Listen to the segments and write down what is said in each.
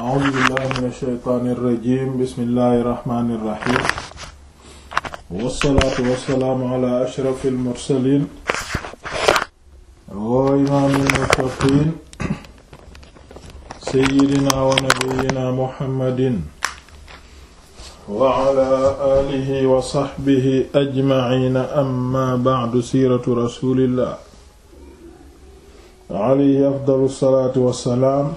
a'uuzu billahi mina shaytaani rajiim bismillahi rahmaani rahiim wassalaatu wassalaamu ala ashrafil mursaliin wa imaamil muttaqiin sayyidinaa wa nabiyyinaa muhammadin wa ala aalihi wa sahbihi ajma'iin amma ba'du siiratu rasuulillah alayhi afdalu salaatu wassalaam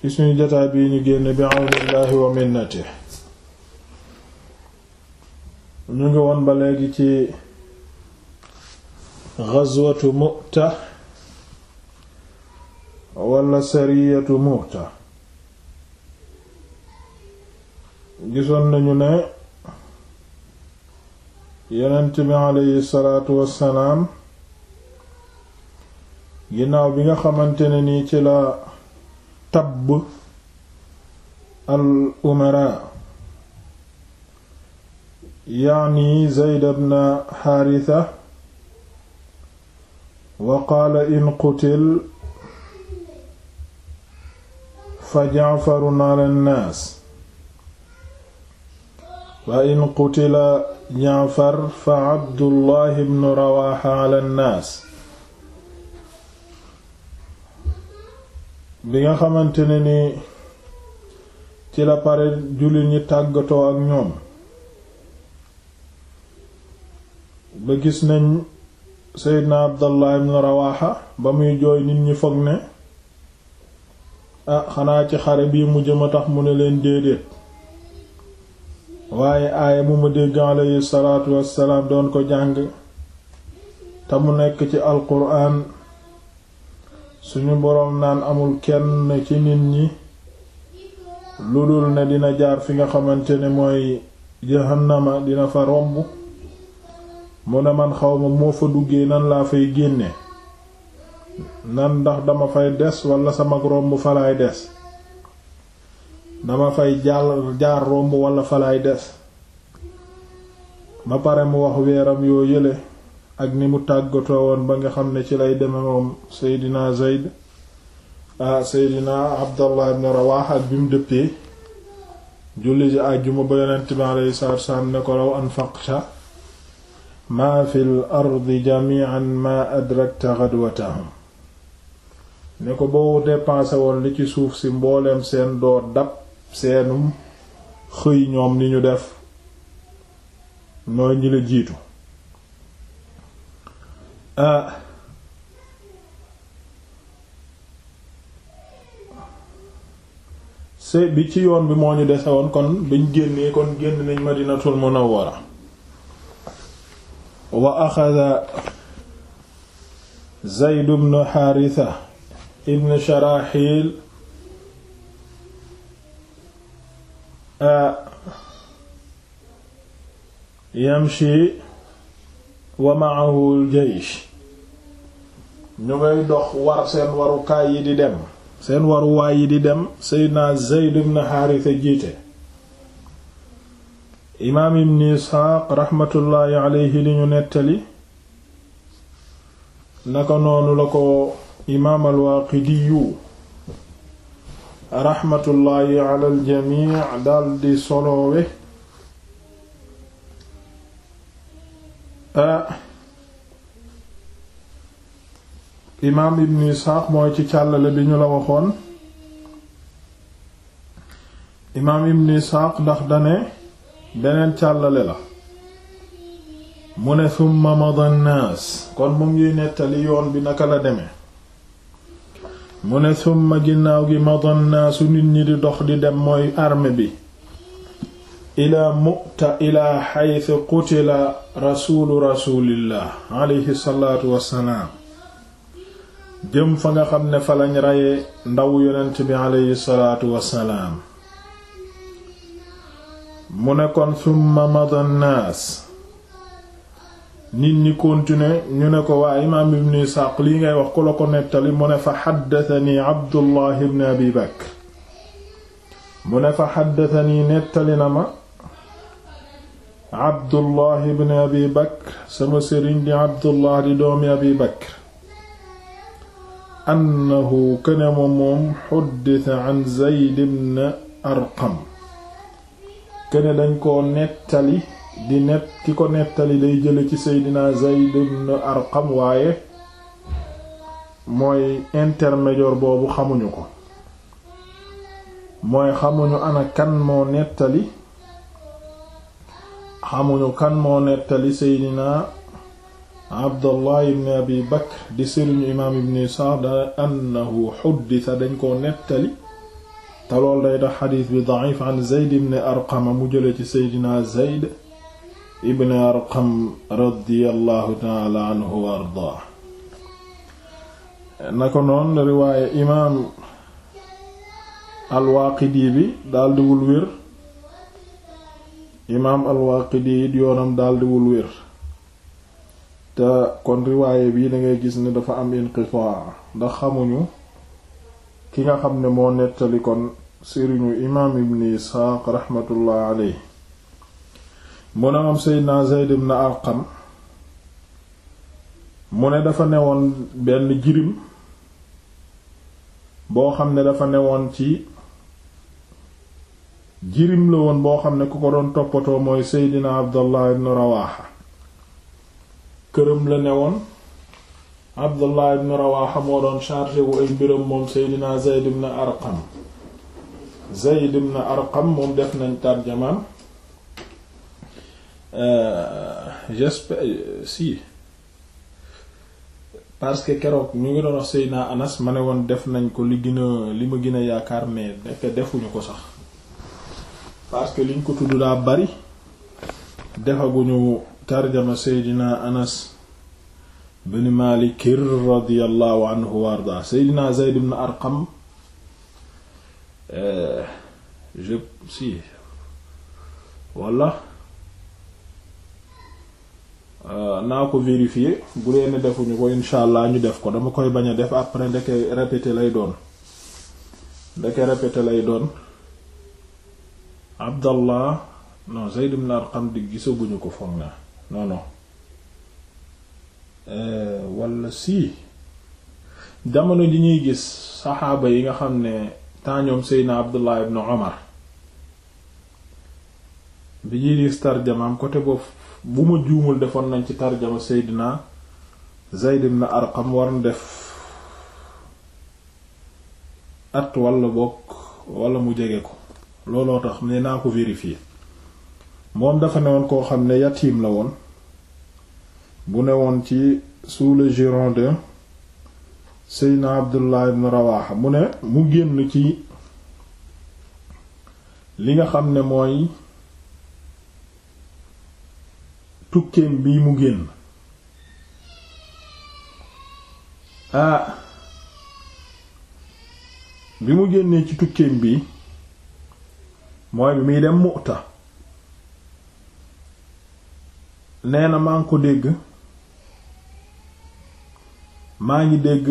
ci suñu jotaay bii ñu génne bi àwnillaahi wa minnati ñu ngi woon ba léegi ci ghazwatu mu'ta wala sariyatu mu'ta gisoon nañu ne yonent bi aleyhi salaatu wassalaam ginnaaw bi nga xamante ne nii ci la tabb al umara yaani zayd bna xaarisa wa qaala in qutil fa jaafarun ala nnaas wa in qutila jaafar fa abdullahi bnu rawaxa ala nnaas bi nga xamante ne ni ci la pare jullit ñi tàggatoo ak ñoom ba gis nañ Seydina Abdallah ibn Rawaha ba muy jooy nit ñi foog ne a ah, xanaa ci xare bii mu jëm a tax mu ne leen déedéet waaye aaya mu ma dégg alayhi salaatu wassalaam doon ko jàng te mu nekk ci alquran suñu boroom naan amul kenn ci nit ñi lu dul ne dina jaar fi nga xamante ne mooy jahannama dina fa romb mu ne man xawma moo fa duggee nan laa fay génne nan ndax dama fay des wala sama romb falaay des dama fay jaar jaar romb wala falaay des ba pare mu wax weeram yoo yële ak ni mu tàggatoo woon ba nga xam ne ci lay deme moom seydina zeyd a seydina abdallah ibn rawax ak bi dëppee julli ji àjjuma ba yonent bi alayhi salaatu wasalaam ne ko law anfaqta maa fil ardi jami'an ma adrakta ghadwatahum ne ko boo dépensé woon li ci suuf si mbooleem seen doo dab seenum xëy ñoom ni ñu def nooy ñi la jiitu Euh, se bi ci yoon bi moo ñu dese woon kon biñ génnee kon génn nañ madinatul munawwara wa axada zayd ibn xaarisa ibn sharaxil euh, yamshi wa jaysh ñu ngay dox war seen warukaay yi di dem seen waruwaay yi di dem seydna Zayd ibn Haarisa jiite imaam ibn Isxaaq raxmatullaahi aleyhi li ñu nettali naka noonu la ko imaam al-Waaqidiyu raxmatullaahi alal jamii daldi soloowe ah imaam ibn isxaaq mooy ci càllale bi ñu la waxoon imaam ibn isxaaq ndax dane beneen càllale la mu ne thumma mada kon mu ngi nettali yoon bi naka la deme mu ne summa ginnaaw gi madan naasu nit ñi di dox di dem mooy arme bi ilaa mu'ta ilaa xaytu qutila rasuulu rasuulillah alayhi salaatu wassalaam jëm fa nga xam ne falañ lañ ndaw yonent bi aleyhi salaatu wassalaam mu ne kon summa mada naas nit ñi continuer ñu ne ko waa imaam ibn Isaaq lii ngay wax ku la ko nettali mu ne fa xaddatani Abdullah ibn Abi Bakr mu ne fa xaddatani nettali na ma Abdullah ibn Abi sama sëriñ di Abdullah di doomi Abi annahu kana moom xuddita an Zayd ibn Arqam dañ ko nettali di net ki ko nettali day jële ci Seydina Zayd ibn Arqam waaye mooy intermédiaire boobu xamuñu ko mooy xamuñu ana kan moo nettali xamuñu kan moo nettali Seydina Abdallah ibn Abi Bakr di sëriñu imaam ibn Isaaq da annahu dañ koo nettali te lool day tax xadiis bi da'if an Zayd ibn Arqam mu ci Seydina Zayd ibn Arqam radiyallahu ta'ala anhu wa ardaa na ko noon riwaaye imaam al bi daldiwul wér imaam al-Waaqidi it yoonam daldiwul te kon riwaaye bii dangay gis ne dafa am inqitaa ndax xamuñu ki nga xam ne moo nettali kon sëriñu imaam ibni isxaaq raxmatullah aley mu ne moom seydna zeyd ibn mu ne dafa newoon benn jirim boo xam ne dafa newoon ci jirim la woon boo xam ne ku ko doon toppatoo mooy seydina abdallah ibn këram la newoon Abdullah ibn Rawaha moo doon chargé wu ay mbiram moom Seydina Zayd ibn Arqam Zayd ibn Arqam moom def nañ tarjamaan euh, j'espère si parce que keroog ñu ngi doon wax Seydina Anas ma ne woon def nañ ko li gën li ma gën a yaakaar mais nekk defuñu ko sax parce que liñ ko tudd daa bari defaguñu tarjama seydina anas bni malikir radiallahu anhu wa arda seydina zeyd bn eh, si walla ah, naa ko vérifier bu dee defuñu ko insha allah ñu def ko dama koy bañ a def après ndeke répété lay doon ndeke répété lay doon abdallah non zeyd bn arqam di gisaguñu ko foog naa non non euh, wala si jamono ji ñuy gis saxaaba yi nga xam ne temps ñoom Seydina Abdullah Omar bi ñuy gis tarjamaam côté boobu bu ma juumul defoon nañ ci tarjama Seydina Zayd ibn Arqam war na def at wala bokk wala mu jege ko looloo tax ne naa ko vérifier moom dafa newoon koo xam ne yatiim la woon bu woon ci sous le giron de Seydina Abdullah ibn mu génn ci li nga xam ne mooy tukkeem bi mu génn ah bi mu génnee ci tukkeem bi mooy bi muy dem Mu'ta nee na maa ngi ko dégg maa ngi dégg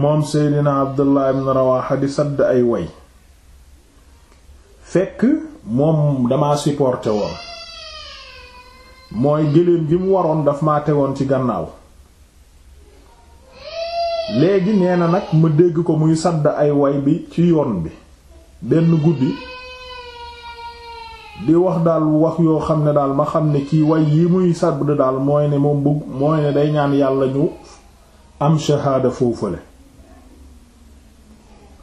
moom Seydina Abdullah ibn Rawaha di sadd ay way fekk moom dama supporté woon mooy gëléem gi mu waroon daf maa tegoon ci gannaaw léegi nee na nag ma dégg ko muy sadd ay way bi ci yoon bi benn guddi di wax daal wax yoo xam ne daal ma xam ne kii way yi muy sàdd daal mooy ne moom bëgg mooy ne day ñaan yàlla ñu am shahaada foofale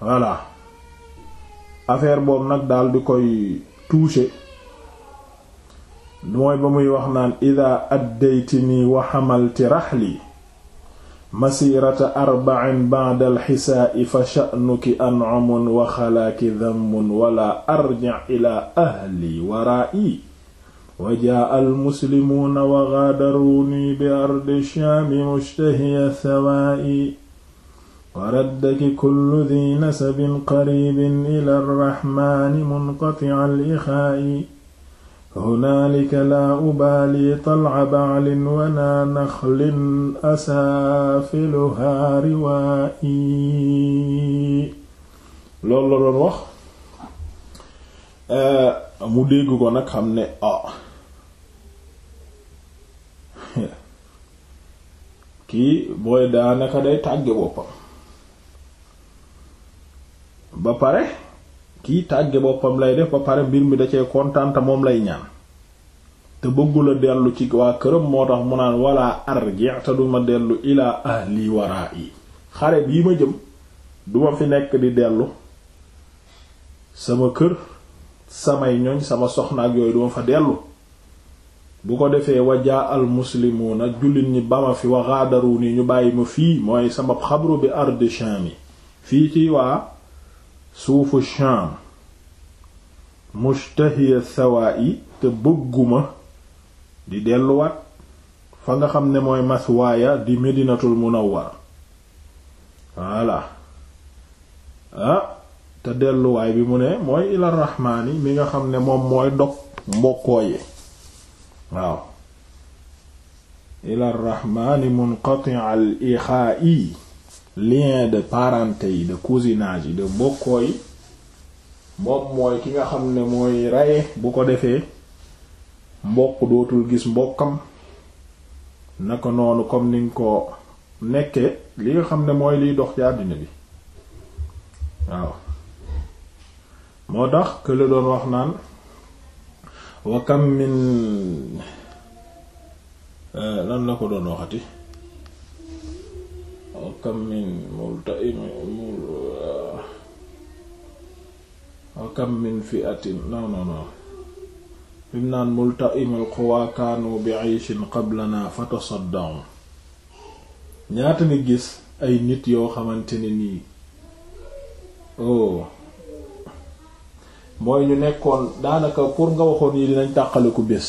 voilà affaire boobu nag daal di koy touché mooy ba muy wax naan ida addaytini wa hamalti raxli masirata arbacin bacda alxisaa'i fa sha'nuki ancamun wa xalaaki dammun wala arjic ilaa ahli waraa'i wa jaa almuslimuuna wa gaadaruunii bi ardi shaami mushtahiya thawaa'i wa raddaki kullu dii nasabin qariibin ila arraxmaani munqatic alixaa'i hunaalika laa ubaali tal'a ba'lin walaa naxlin asaafiluhaa riwaa'i loolu la doon wax mu dégg ko nag xam ne ah kii booy daanaka day tàgge boppam ba pare kii tàgge boppam lay def ba pare mbir mi da cee moom lay ñaan te bëggula dellu ci waa këram moo tax mu naan wala arji te duma dellu ilaa ahli waraa yi xare bii ma jëm duma fi nekk di dellu sama kër samay ñoñ sama soxna ak yooyu duma fa dellu bu ko defee wajaa al muslimuuna jullit ni ba ma fi waxaadaru ni ñu bàyyi ma fii mooy sama xabru bi ardi shami fii ci waa suufu Shaam mushtahiya sawaa yi te bëgguma di delluwaat fa nga xam ne mooy maswaaya di medinatul munawwara voilà ah, te delluwaay bi mu ne mooy ila rahmaani mi nga xam ne moom mooy dog mbokkoo yi waaw ila rahmaani munqati al ixaa'i lien de parenté yi de cousinage yi de mbokkoo yi moom mooy ki nga xam ne mooy reye bu ko defee mbokk dootul gis mbokkam naka noonu comme ni nga ko nekkee li nga xam ne mooy liy dox ci àddina bi waaw moo tax que la doon wax naan wa kam min euh, lan la ko doon waxati wa kam min multaim uh, wa kam min fi'atin non non non bim naan multaimul quwa kaanu bi'ishin ñaata nga gis ay nit yoo xamante ne nii oh mooy ñu nekkoon daanaka pour nga waxoon yi dinañ tàqale ko bés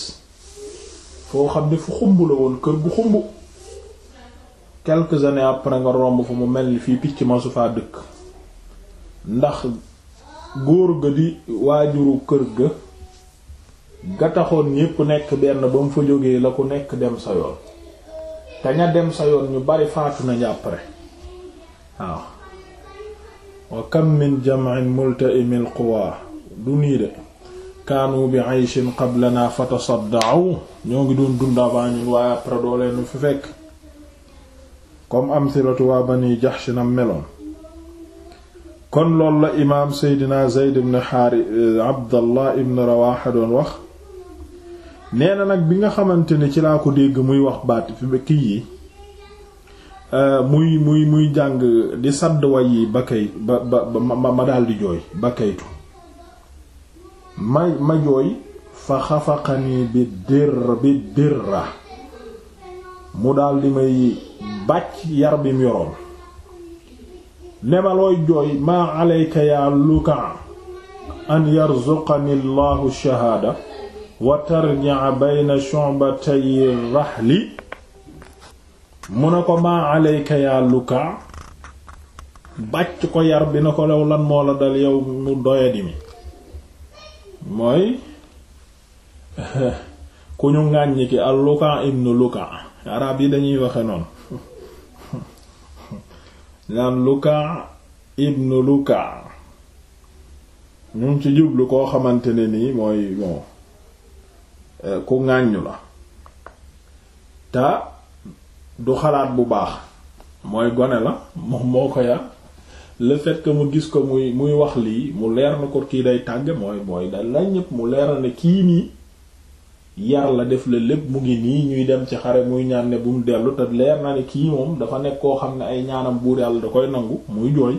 foo xam ne fu xumb la woon kër gu xumb quelques années après nga romb fa mu mel ni fii picc masu su faa dëkk ndax góor ga di waajuru kër ga ga taxoon nekk benn ba mu fa jógee la ku nekk dem sa yoon te ña dem sa yoon ñu bari faatu na après waaw wa kam min jam'in multa'imil quwa du nii de kaanu bi ayshin qablana fatasadda'u ñoo ngi doon dund avant waaye après doo leen fi fekk comme amsilatu waa ba Jahsh na meloon kon loolu la imaam seydina Zayd ibn xaari eh, Abdallah ibn Rawaha doon wax nee na nag bi nga xamante ne ci laa ko dégg muy wax baat fi yi eh, muy muy muy jàng di sadd way yi ba kay ba ba ma daldi jooy ba kaytu ma ma jooy fa xafaqani bi dir bi dirra mu daldi may bàcc yar bi mu yoroon ne ma looy jooy maa alayka yaa lukan an yarzuqani allahu shahaada wa tarji'a bayna shu'batay rahli mu ne ko maa alayka yaa lukan bàcc ko yar bi na ko lew lan moo la dal yow mu doyadi mi mooy ku ñu ngàññi ki ibnu lukan arab yi dañuy waxe noonu naan luka ibnu luka ñu ngi ci jublu koo xamante ne nii mooy bon euh, ku ŋàññu la te du xalaat bu baax mooy gone la moom moo ko yar le fait mu gis ko muy muy wax lii mu leer na ko kii day tàgg mooy booy da la ñépp mu leeral ne kii nii yar la def la lépp mu ngi nii ñuy dem ci xare muy ñaan ne bu mu dellu te leer na ne kii moom dafa nekk koo xam ne ay ñaanam buur yàlla da koy nangu muy jooy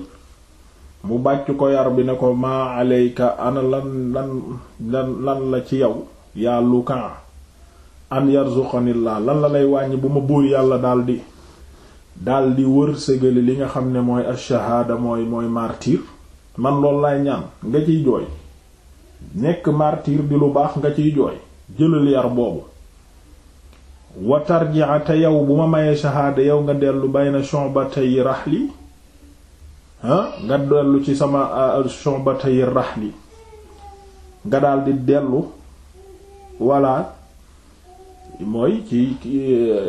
mu bàcc ko yar bi ne ko maa aleyka ana lan lan lan la ci yow yaa lukan an yarzuqanillah la lay wàññi bu ma buur yàlla dal daldi daldi wër ségali li nga xam ne mooy ash-shahaada mooy mooy man lool lay ñaan nga ciy jooy nekk martyr di lu baax nga ciy jooy jëlal yar boobu wa tarji'a te yow bu ma mayee shahaada yow nga dellu bayna rax li nga dellu ci sama euh, shu'batay rahli nga daldi dellu walla mooy ci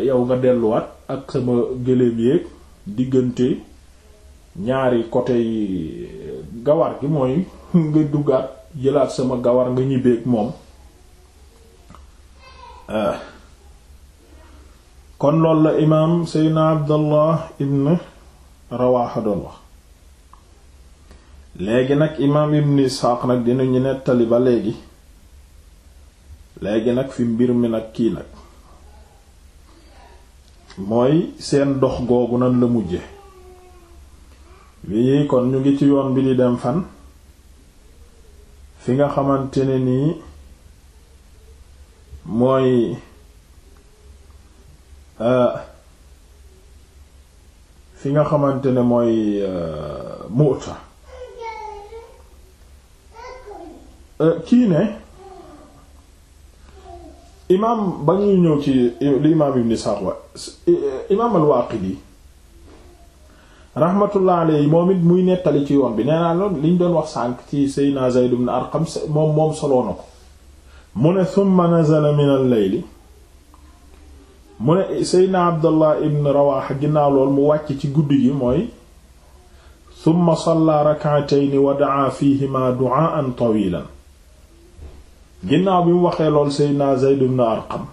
yow nga delluwaat ak sama gëléem yéeg diggante ñaari côté yi gawar gi mooy nga duggaat jëlaat sama gawar nga ñibbeek moom Eh. kon loolu la imaam seydna abdallah ibn rawaaxa léegi nag imaam ibn isxaaq nag dinañu nettali ba léegi léegi nag fi mbir mi nag kii nag mooy seen dox googu nan la mujje wii kon ñu ngi ci yoon bi di dem fan fi nga xamante ne nii mooy euh, fi nga xamante ne mooy euh, Mu'ta euh, kii ne imaam ba ñuy ñëw ci li imaam Ibn Ishaq wa imaam al-Waaqidi rahmatullah moom it muy nettali ci yoon bi nee naa loolu liñ doon wax sànq ci Seydina Zayd ibn Arqam moom moom soloo ko mu ne summa nazala min al-layli mu seydna abdallah ibn rawaxa ginnaaw lool mu wàcc ci guddi gi mooy summa salla rak'atayn wa da'a fihima du'aan tawilan ginnaaw bi mu waxee lool seydna zayd ibn arqam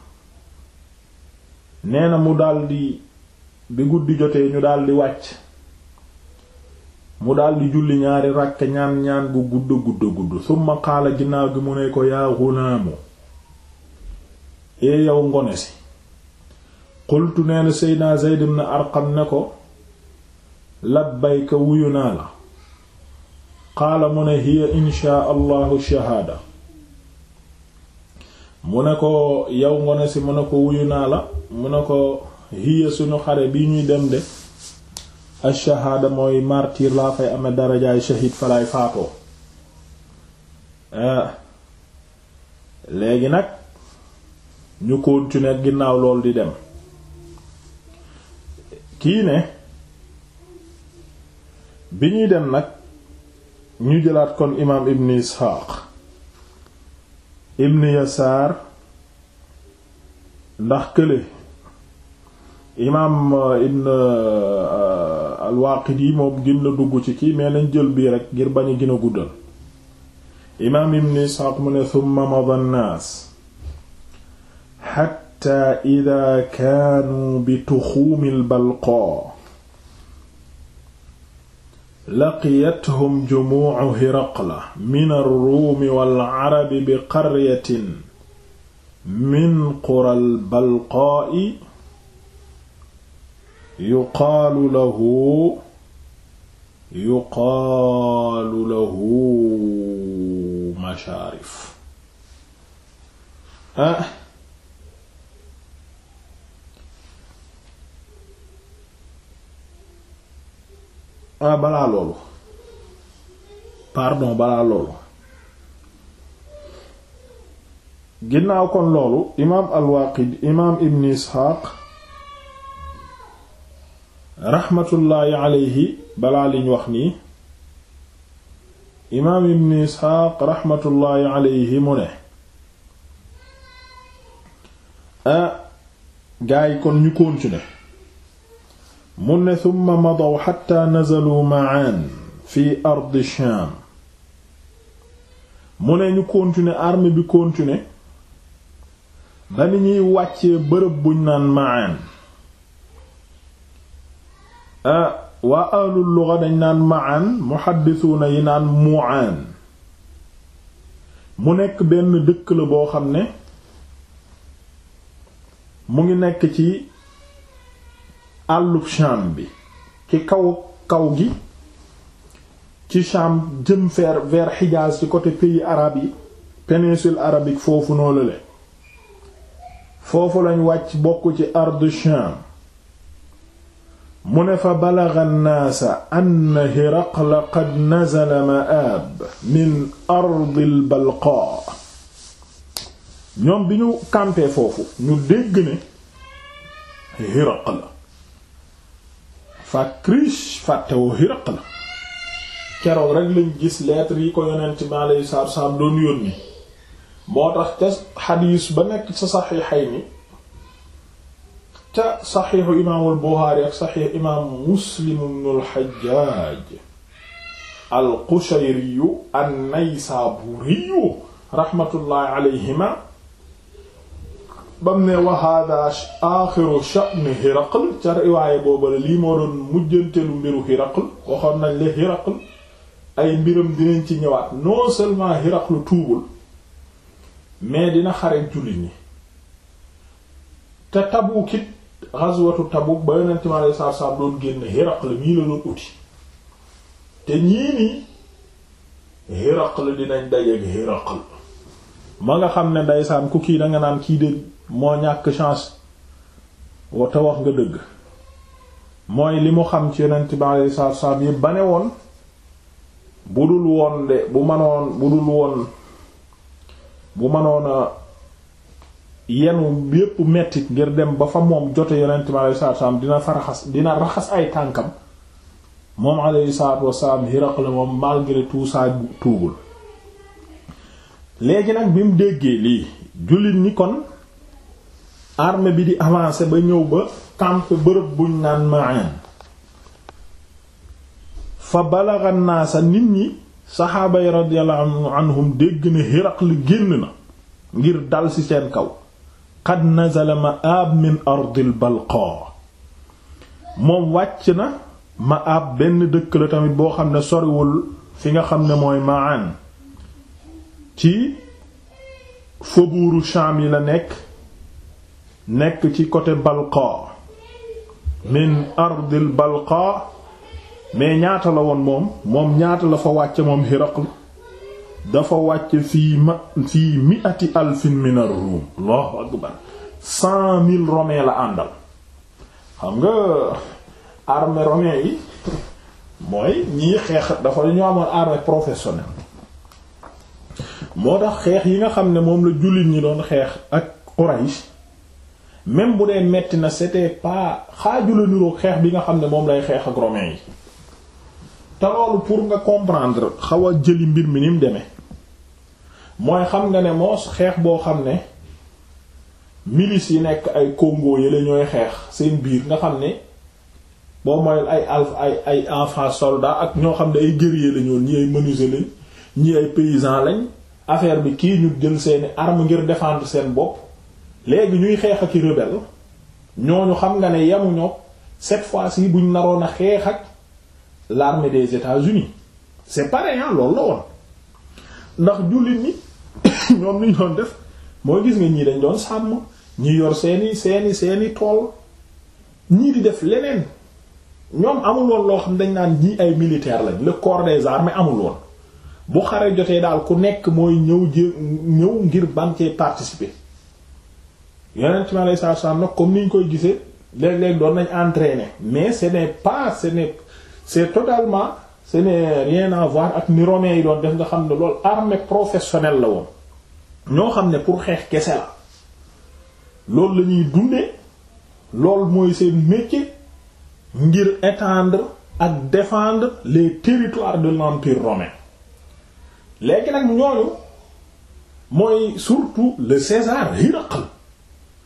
nee na mu daldi bi guddi jotee ñu daldi wàcc mu daldi julli ñaari ràkk ñaan ñaan bu gudd gudd gudd summa qaala ginnaaw gi mu ne ko yaa ghulaamu ee eh yow ngone si qultu nee na seydna Zayd ibn ne ko labbayka wuyu naa la qaala mu ne hiya inshaa allahu shahaada mu ne ko yow ngone si mu ne ko wuyu naa la mu ne ko hiya suñu xare bi ñuy dem de ay achahaada mooy martyr laa fay ame darajaay shahid fa laay faatoo ah. léegi nag ñu continuer ginnaaw lool di dem kii ne bi ñuy dem nag ñu jëlaat kon imaam ibn isxaaq ibn yasaar ndax kële imaam uh, ibn uh, al-Waaqidi moom gën na dugg ci kii mais nañ jël bii rek ngir bañ a gën a guddal imaam ibn Isxaaq mu ne thumma mada an-naas xatta ida kaanuu bi tuxuumi al-balqaa laqiyathum jumuucu Hiraqla min ar-Ruumi wal-Arabi bi qaryatin min qura al-balqaa yuqaalu lahu yuqaalu lahu mashaarif ah. ah balaa loolu pardon balaa loolu ginnaaw kon loolu imaam al imaam Ibn Isxaaq raxmatullaahi aleyhi balaa liñ wax nii imaam ibn isxaaq raxmatullaahi aleyhi mu ne a gaay kon ñu continuer mu ne thumma madaw xatta nazalu ma'an fi ardi shaam mu ne ñu continuer armée bi continuer ba ni ñuy wàccee bërëb buñ naan ma'an Ah, waa ahlul luga dañ naan ma'an muhaddisuuna yi naan mu'an mu nekk benn dëkk la boo xam ne mu ngi nekk ci àllub Sham bi ci kaw kaw gi ci Sham jëm vers vers Hijaz ci côté pays arab yi péninsule arabique foofu noonu la foofu lañ wàcc bokk ci ardu Sham mu ne fa balaga nnaasa anna hiraqla qad nazala ma'aab min ardil balqa ñoom bi ñu campé foofu ñu dégg ne hiraqla fatriche fàttewoo hiraqla keroog rek lañ gis lettre yi ko yonent bi alayhi salaatu wa salaam doon yónni moo tax ca xadiis ba nekk sa saxiixayni ca saxiixu imaamul Buxaari ak saxiix imaam Muslim ibnul Xajjaaj al-Qushayriyu an-Naysaabuuriyu raxmatullaahi alayhima bam ne wa haadaa aaxiru sha'ni Hiraql ca riwaaye boobu la lii moo mbiru Hiraql waxoon nañ la Hiraql ay mbiram dinañ ci ñëwaat non seulement Hiraql tuubul mais dina xare jullit te Tabuuk ghazwatu Tabuk ba yonent mi alayhi salaatu salaam doon génn Hiraql mii la doon uti te ñii nii Hiraql dinañ dajeek Hiraql ma nga xam ne ndeysaan ku kii danga naan kii de moo ñàkk chance te wax nga dëgg mooy li mu xam ci yonent bi alayhi salaatu salaam yépp ba ne woon bu dul woon de bu manoon bu dul woon bu manoona yenu yépp mettit ngir dem ba fa moom jote yonent mi alayhi salaatu wasalaam dina fa raxas dina raxas ay tànkam moom alayhi salaatu wasalaam Hiraql moom malgré tout ça tuubul léegi nag bi mu déggee lii jullit ñi kon arme bi di avancer ba ñëw ba camp bërëb buñ naan Ma'an fa balagha naasa nit ñi saxaaba yi radiyallahu anhum dégg ne Hiraql génn na ngir dal ci seen kaw qad nazala ma'ab min ardil balko moom wàcc na ma ma'ab benn dëkk la tamit boo xam ne soriwul fi nga xam ne mooy ma'an ci faubourgu Sham yi la nekk nekk ci côté balko min ardil balqa mais ñaata la woon moom moom ñaata la fa wàcc moom Hiraql dafa wàcc fii ma fii mi ati min ar-rum mille romains la àndal xam nga armée romain yi mooy ñii xeex dafa ñu amoon armée professionnelle moo tax xeex yi nga xam ne moom la jullit ñi doon xeex ak Quraysh même bu dee metti na c'était pas xaaju la niroog xeex bi nga xam ne moom lay xeex ak romain yi te pour nga comprendre xaw a jëli mbir mi ni mu demee mooy xam nga ne moos xeex boo xam ne milices yi nekk ay Congo yële ñooy xeex seen biir nga xam ne boo mooy ay alf ay ay enfants soldats ak ñoo xam ne ay guerriers la ñoon ñi ay menuisiers lañ ñi ay paysans lañ affaire bi kii ñu jël seeni armes ngir défendre seen bopp léegi ñuy xeex ak i rebelle ñooñu xam nga ne yamuñoo cette fois-ci buñ naroon a xeex ak l'armée des États-Unis c'est pareil hein la woon ndax jullit ñi ñoom li ñu def mooy gis nga ñii dañ doon sàmm ñi yor seeni seeni seeni tool ñii di def leneen ñoom amul woon loo xam dañ naan ñii ay militaire lañ le corps des amul woon bu xare jotee daal ku nekk mooy ñëw jé ngir ban cee participer yeneen ci ma lay saa nag comme ni ñu koy gisee léeg-léeg doon nañ entraîner mais ce n'est pas ce c'est totalement ce n'est rien à voir ak ni romains yi doon def nga xam ne loolu armée professionnel la woon ñoo xam ne pour xeex kese la loolu la ñuy dundee loolu mooy seen métier ngir étendre ak défendre les territoires de l'empire romain léegi nag ñooñu mooy surtout le César Hiraql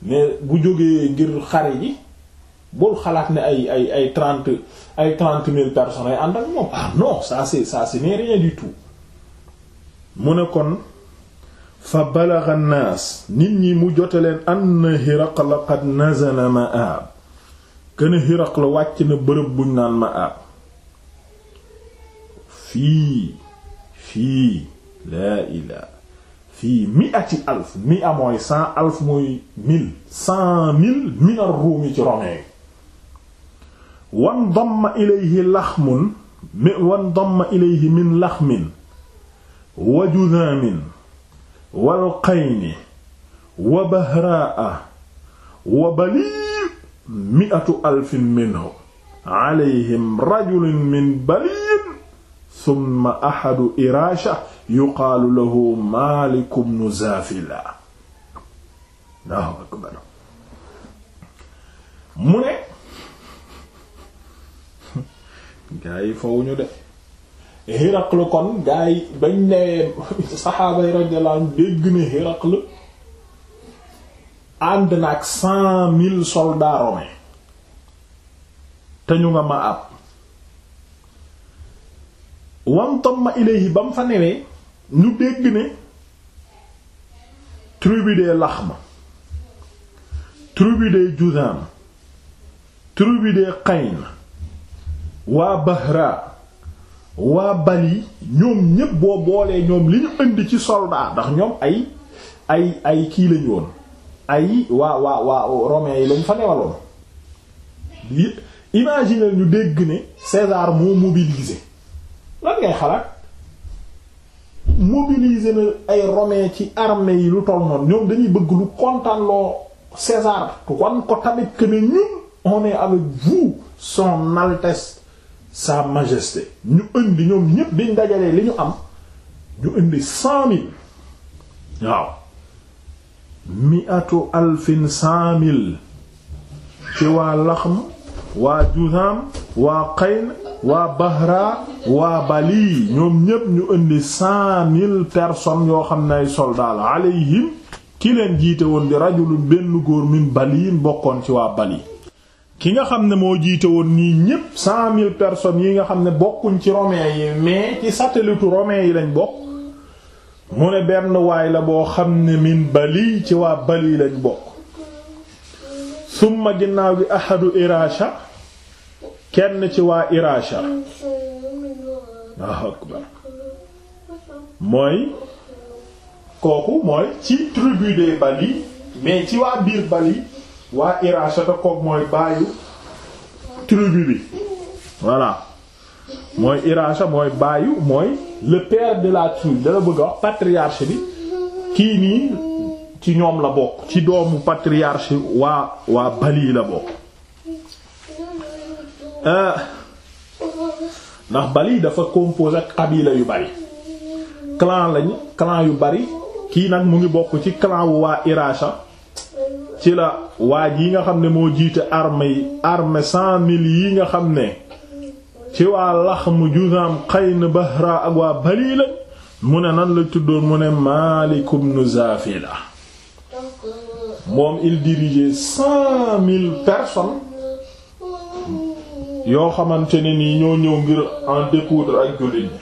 mais bu jógee ngir xare yi bul xalaat ne ay ay ay trente ay trente mille personnes ay ànd ak moom ah non ça c'est ça ce n'est rien du tout mu ne kon fa balagha nit ñi mu jotaleen anna Hiraqla qad nazala Ma'ab kën a Hiraqla wàcc na bërëb buñ naan Ma'ab fii fii laa ilaa fii mi'ati alf mi'a mooy cent alf mooy mille cent mille min ar-Rum ci Romain wan damma ilayhi laxmun mi wan damma ilayhi min laxmin wa judaamin wal qayni wa bahraa wa balii mi'atu alfin minhu alayhim rajulun min baliin summa ahadu iraasha yuqaalu lahu maaliku bnu zaafila Allahu akbar mu ne gaa yi fawuñu de Hiraql kon gaa yi bañ nee saxaaba yi radiyallahu anhu dégg ne Hiraql ànd na ak cent mille soldats romains te ñu nga ma ab wam tom ma ilayhi ba mu fa newee ñu dégg ne tribu des Laxma tribu des Juzam tribu des Qayn waa Bahra waa Bali ñoom ñépp boo boolee ñoom li ñu indi ci soldat ndax ñoom ay ay ay kii lañu woon ay waa waa waa romains yi lañ fa newaloon imaginer ñu dégg ni César moo mobilisé lan ngay xalaat mobilisé na ay romains ci armée yi lu toll noonu ñoom dañuy bëgg lu kontaan loo César wan ko tamit que ne ñun on avec vous son Altesse sa majesté ñu indi ñoom ñépp biñ dajalee li ñu am ñu indi cent mille waaw mi'atu alfin cent mille ci waa laxm waa juzaam waa qayn waa bahra waa bali ñoom ñépp ñu indi cent mille yoo xam ne ay soldats la alayhim ki leen jiite woon di rajulun benn góor min baliin bokkoon ci waa bali ki nga xam ne moo jiite woon nii ñépp cent mille personnes yi nga xam ne bokkuñ ci romain yi mais ci satellite romain yi lañ bokk mu ne benn waay la boo xam ne min bali ci waa bali lañ bokk summa ginnaaw gi ahadu irasha kenn ci waa irasha waaw mooy kooku mooy ci tribu des bali mais ci waa biir bali waa Irashata kook mooy baayu tribu bi voilà mooy Irasha mooy baayu mooy le père de la tribu dala bëgg a wax bi kii nii ci ñoom la bokk ci doomu patriarche waa waa Bali la bokk euh, ndax Bali dafa composé ak qabila yu bari clan lañu clan yu bari kii nag mu ngi bokk ci clan wu waa Irasha ci la waaj yi nga xam ne moo jiite armée yi armée yi nga xam ne ci waa Laxm Juzaam Qayn Bahra ak waa Baliila mu ne nan la tuddoon mu ne Maalik ibn Zaafila moom il dirigeait personnes yoo xamante ne nii ñoo ñëw ngir en découdre ak jullit ñi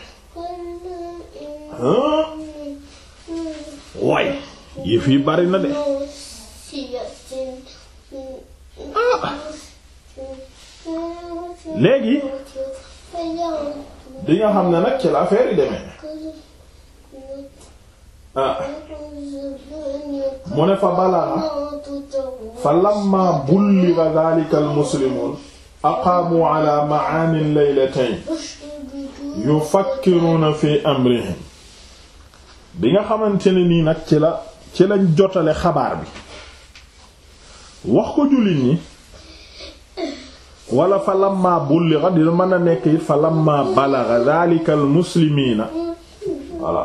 way yëf bari na de ah léegi di nga xam ne nag ci la affaire yi demee ah mu ne fa balaa fa lamma bullira dhalika al muslimun aqaamu ala ma'anin laylatayn yufakkiruna fi amrihim bi nga xamante ne nii nag ci la ci lañ jotale xabaar bi wax ko jullit ñi wala fa lamma bulliga dina mën a nekk it fa lamma balaga dhalika al muslimiina voilà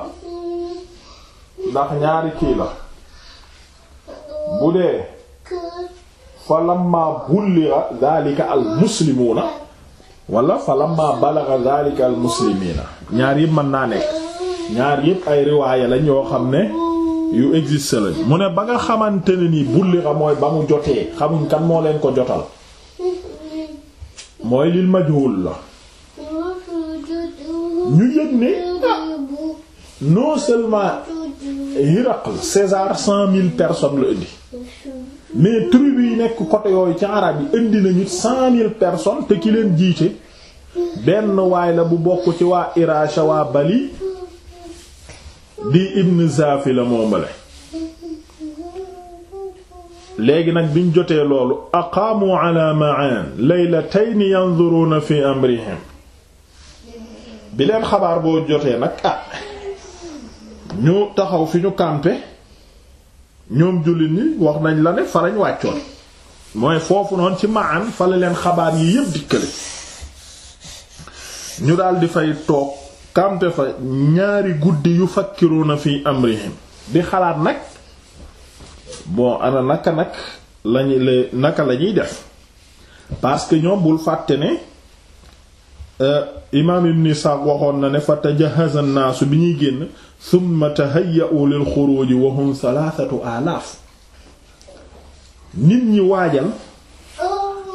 ndax ñaari kii la bu dee fa lamma bulliga dhalika wala fa lamma balaga dhalika al muslimiina ñaar yëpp mën naa nekk ñaar yëpp ay riwaaya lañ yoo xam ne yu existe lañ mu ne ba nga xamante ne nii bulli xa mooy ba mu jotee xamuñ kan moo leen ko jotal mooy lil majhul la ñu yëg ne non seulement Hiraql César cent mille personnes la indi mais tribu yi nekk côté yooyu ci arab yi indi nañu cent mille personnes te ki leen jiite benn waay la bu bokk ci waa Irasha waa Bali di ibn Zafi la moomale léegi nag biñ jotee loolu aqaamu ala ma'an laylatayn yanzuruna fi amrihim bi leen xabaar boo jotee nag ah ñu taxaw fi ñu campé ñoom jullit yi wax nañ la ne fa wàccoon mooy foofu noonu ci ma'an fa leen xabaar yi yépp dikkale ñu daal di fay toog kampe fa ñaari guddi yu fakkiruna fi amrihim di xalaat nag bon ana naka nag lañu la naka lañuy def parce que ñoom bul fàtte ne euh, imaam ibn waxoon na ne fa tajahaza naasu bi ñuy génn thumma tahayya'u lil xuruuji wa hum thalathatu alaaf nit ñi waajal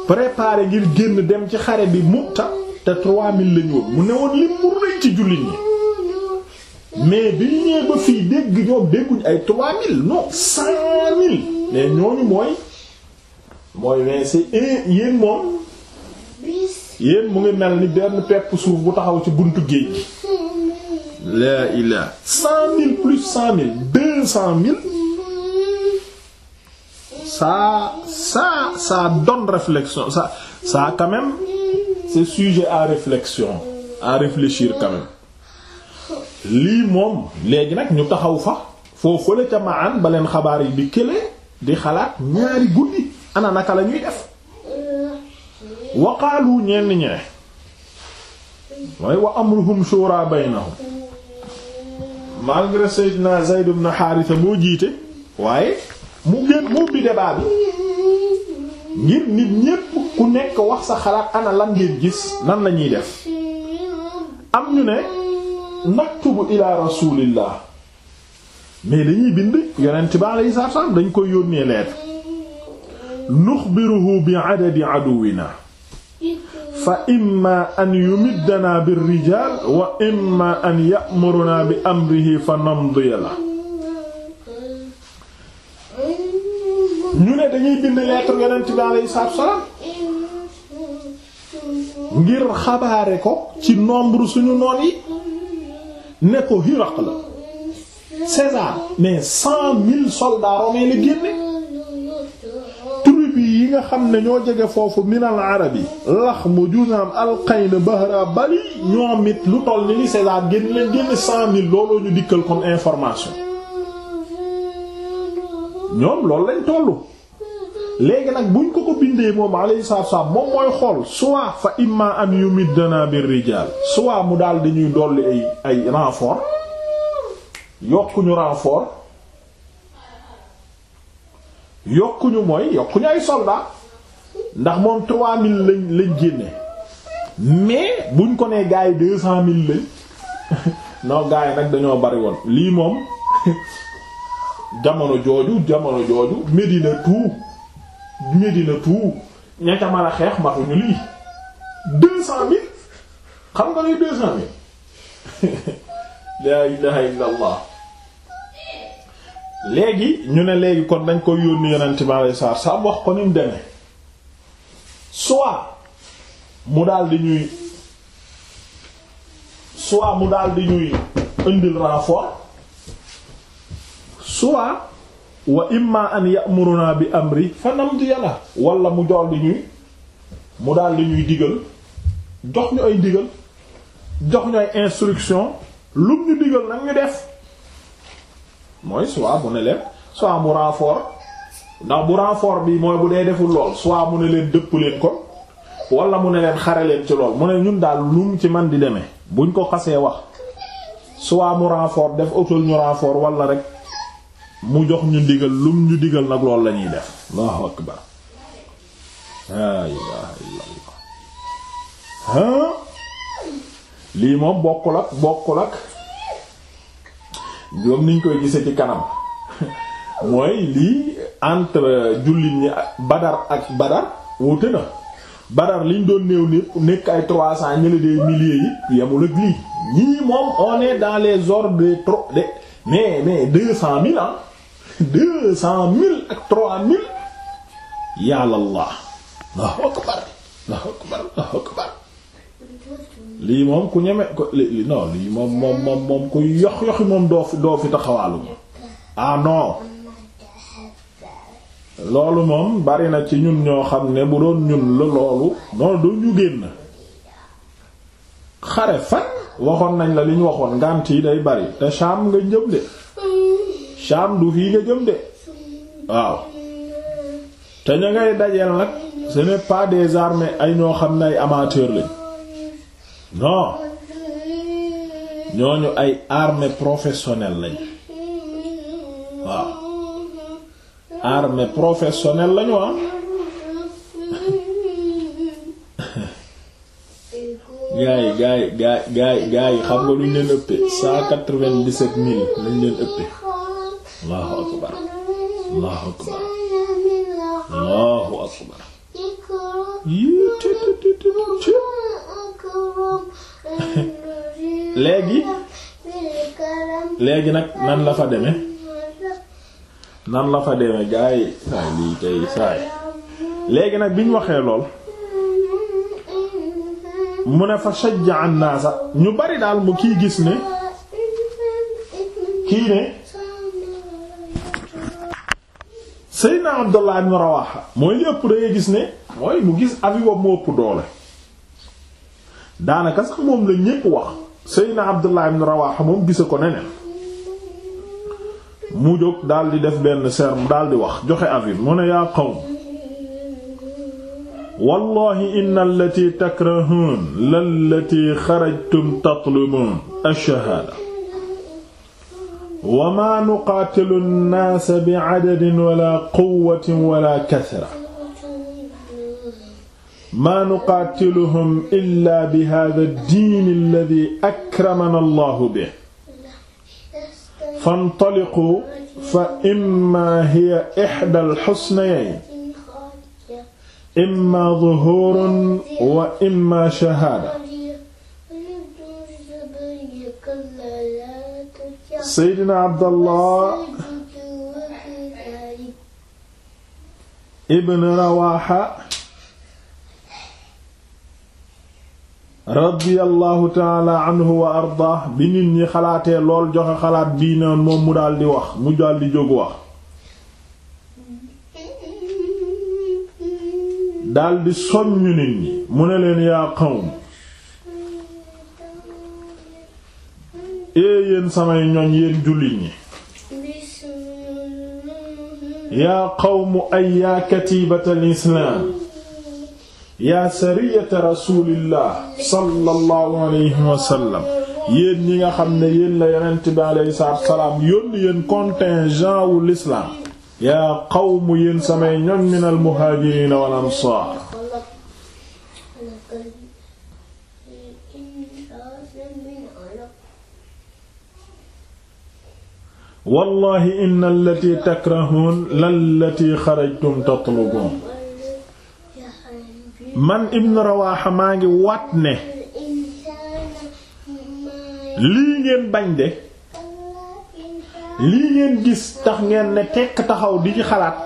préparer ngir génn dem ci xare bi Mu'ta te 3000 lañu woon mu ne woon lim mu rëy ci jullit ñi mais bi ñu ñëwee ba fii dégg ñoom dégguñ ay 3000 non 100000 mais ñooñu mooy mooy yéen mu ngi mel ni benn pepp suuf bu taxaw ci buntu géej gi. laa ilaa 100000 plus 100000 200000. ça ça ça donne réflexion ça ça quand c'est sujet à réflexion à réfléchir quand lii moom léegi nag ñu taxaw fa foofu la ca maan ba xabaar yi di kële di xalaat ñaari guddi ana naka la ñuy def waqaalu ñenn ñee mooy wa amruhum shura baynahum malgré Seydina Zayd ibn Haritha moo jiite waaye mu gën mu bi bi ngir nit ñépp ku nekk wax sa xalaat ana lan ngeen gis nan la def am ñu ne naktubu ila rasulillah mais dañuy bind yonent ba alayhi salaam dañ koy yónnee lettre nuxbiruhu bi adadi aduwina fa imma an yumiddana bir rijal wa imma an ya'muruna bi amrihi fa namdiya la ñu ne dañuy bind lettre yonent bi alayhi salaam ngir xabaare ko ci nombre suñu noon yi ne ko Hiraq la César mais cent mille soldats romains la génne tribu yi nga xam ne ñoo jege foofu minal arab yi lax mu junaam alqayn bahra bali ñoom it lu toll ni li César génn leen génne cent mille looloo ñu dikkal comme information ñoom loolu lañ tollu léegi nag buñ ko ko bindee moom alayhi salaatu wassalaam moom mooy xool soit fa imma an yumiddana bir rijal soit mu daal dañuy dolli ay ay renfort yokkuñu renfort yokkuñu yokku yokkuñu ay soldat ndax moom 3000 lañ lañ génne mais buñ ko nee gars yi 200000 lañ non gars yi nag dañoo bari woon lii moom jamono jooju jamono jooju Medina tout. Medina tout ña ca mën a xeex matuñu lii deux cent xam nga lay deux cent laa ilaha illa léegi ñu ne léegi kon dañ koy yónni yonent bi alayhi salaatu salaam wax ko ni mu demee soit mu daal di ñuy soit mu daal di ñuy indil renfort soit wa imma an ya'muruna bi amri fa namdi yàlla wala mu jool di ñuy mu daal di ñuy digal jox ñu ay digal jox ñu ay instruction lum ñu digal nag ñu def mooy soit mu ne leen soit mu renfort ndax bu renfort bi mooy bu dee deful lool soit mu ne leen dëpp leen ko wala mu ne leen xare leen ci lool mu ne ñun daal lum ci man di demee buñ ko xasee wax soit mu renfort def utal ñu renfort walla rek mu jox ñu digal lum ñu digal nag loolu lañuy def allahu akbar laa lii moom bokkul ak bokkul ak joom niñ koy gise ci kanam mooy lii entre jullit ñi badar ak badar wuute na badar liñ doon néew ni nekk ay trois cent ñële des milliers yi yamul ak lii ñii moom on est dans trop de mais mais deux cent mille ans deux cent mille ak trois mille yàlla lii moom ku ñeme ko li non lii moom moom moom ku yox yoxi moom doo fi doo fi taxawaalu moom ah, loolu moom bari na ci ñun ñoo xam ne bu doon ñun la loolu noonu doo ñu génn xare fan waxoon nañ la li ñu waxoon ngànt yi day bari te Sham nga jëm de Sham du fii nga jëm de waaw te ña ngay dajeel nag ce n'est pas des armées ay ñoo xam ne ay amateurs lañ non ñooñu ay armée professionnelle lañ waaw armée professionnelle lañu ah gaa yi gaa yi gaa yi gaa yi xam nga luñ leen ëppee cent quatre lañ leen ëppee. allahu akbar léegi léegi nag nan la fa deme nan la fa deme gaay saay lii kay saay léegi nag biñ waxee lool mu ne fa sajja an naasa ñu bari daal mu kii gis ne kii ne Seydina Abdullah ibn Rawaha mooy lépp da ngay gis ne mooy mu gis avion moo ëpp doole daanaka sax moom la ñépp wax Seydina Abdullah ibn Rawaha moom gise ko neneen mu jóg daal def benn serm daal di wax joxe avis mu ne yaa qawm wallahi inna allati takrahun lallati xarajtum tatlubun ash-shahada wa maa nuqaatilu nnaasa bi adadin wala quwwatin wala kasra maa nuqaatiluhum illaa bi haadha ddiini alladhi akramanaa allahu bihi fantaliquu fa immaa hiya ihdaa alhusnayayni immaa dhuhuurun wa immaa shahaada seydina abdallah ibn rawaxa radiyallahu taala anhu wa bi nit ñi xalaatee lool joxe xalaat bii na moom mu daldi wax mu daldi jóg wax daldi soññu nit ñi mu ne leen yaa qawm ee eh, yéen samay ñoñ yéen jullit ñi yaa qawmu ay yaa katiibatal islaam yaa sariyata rasuulillah sallallahu alayhi wa sallam ñi nga xam ne yén la yonent bi alayhi salaatu salaam yónni yéen contingent wu l'islam yaa qawmu yéen samay ñoñ minal muhaajiriina wal wallahi inna allati takrahuun lallati xarajtum tatlubuun man ibn Rawaha maa ngi waat ne lii ngeen bañ de lii ngeen gis tax ngeen ne tekk taxaw di ci xalaat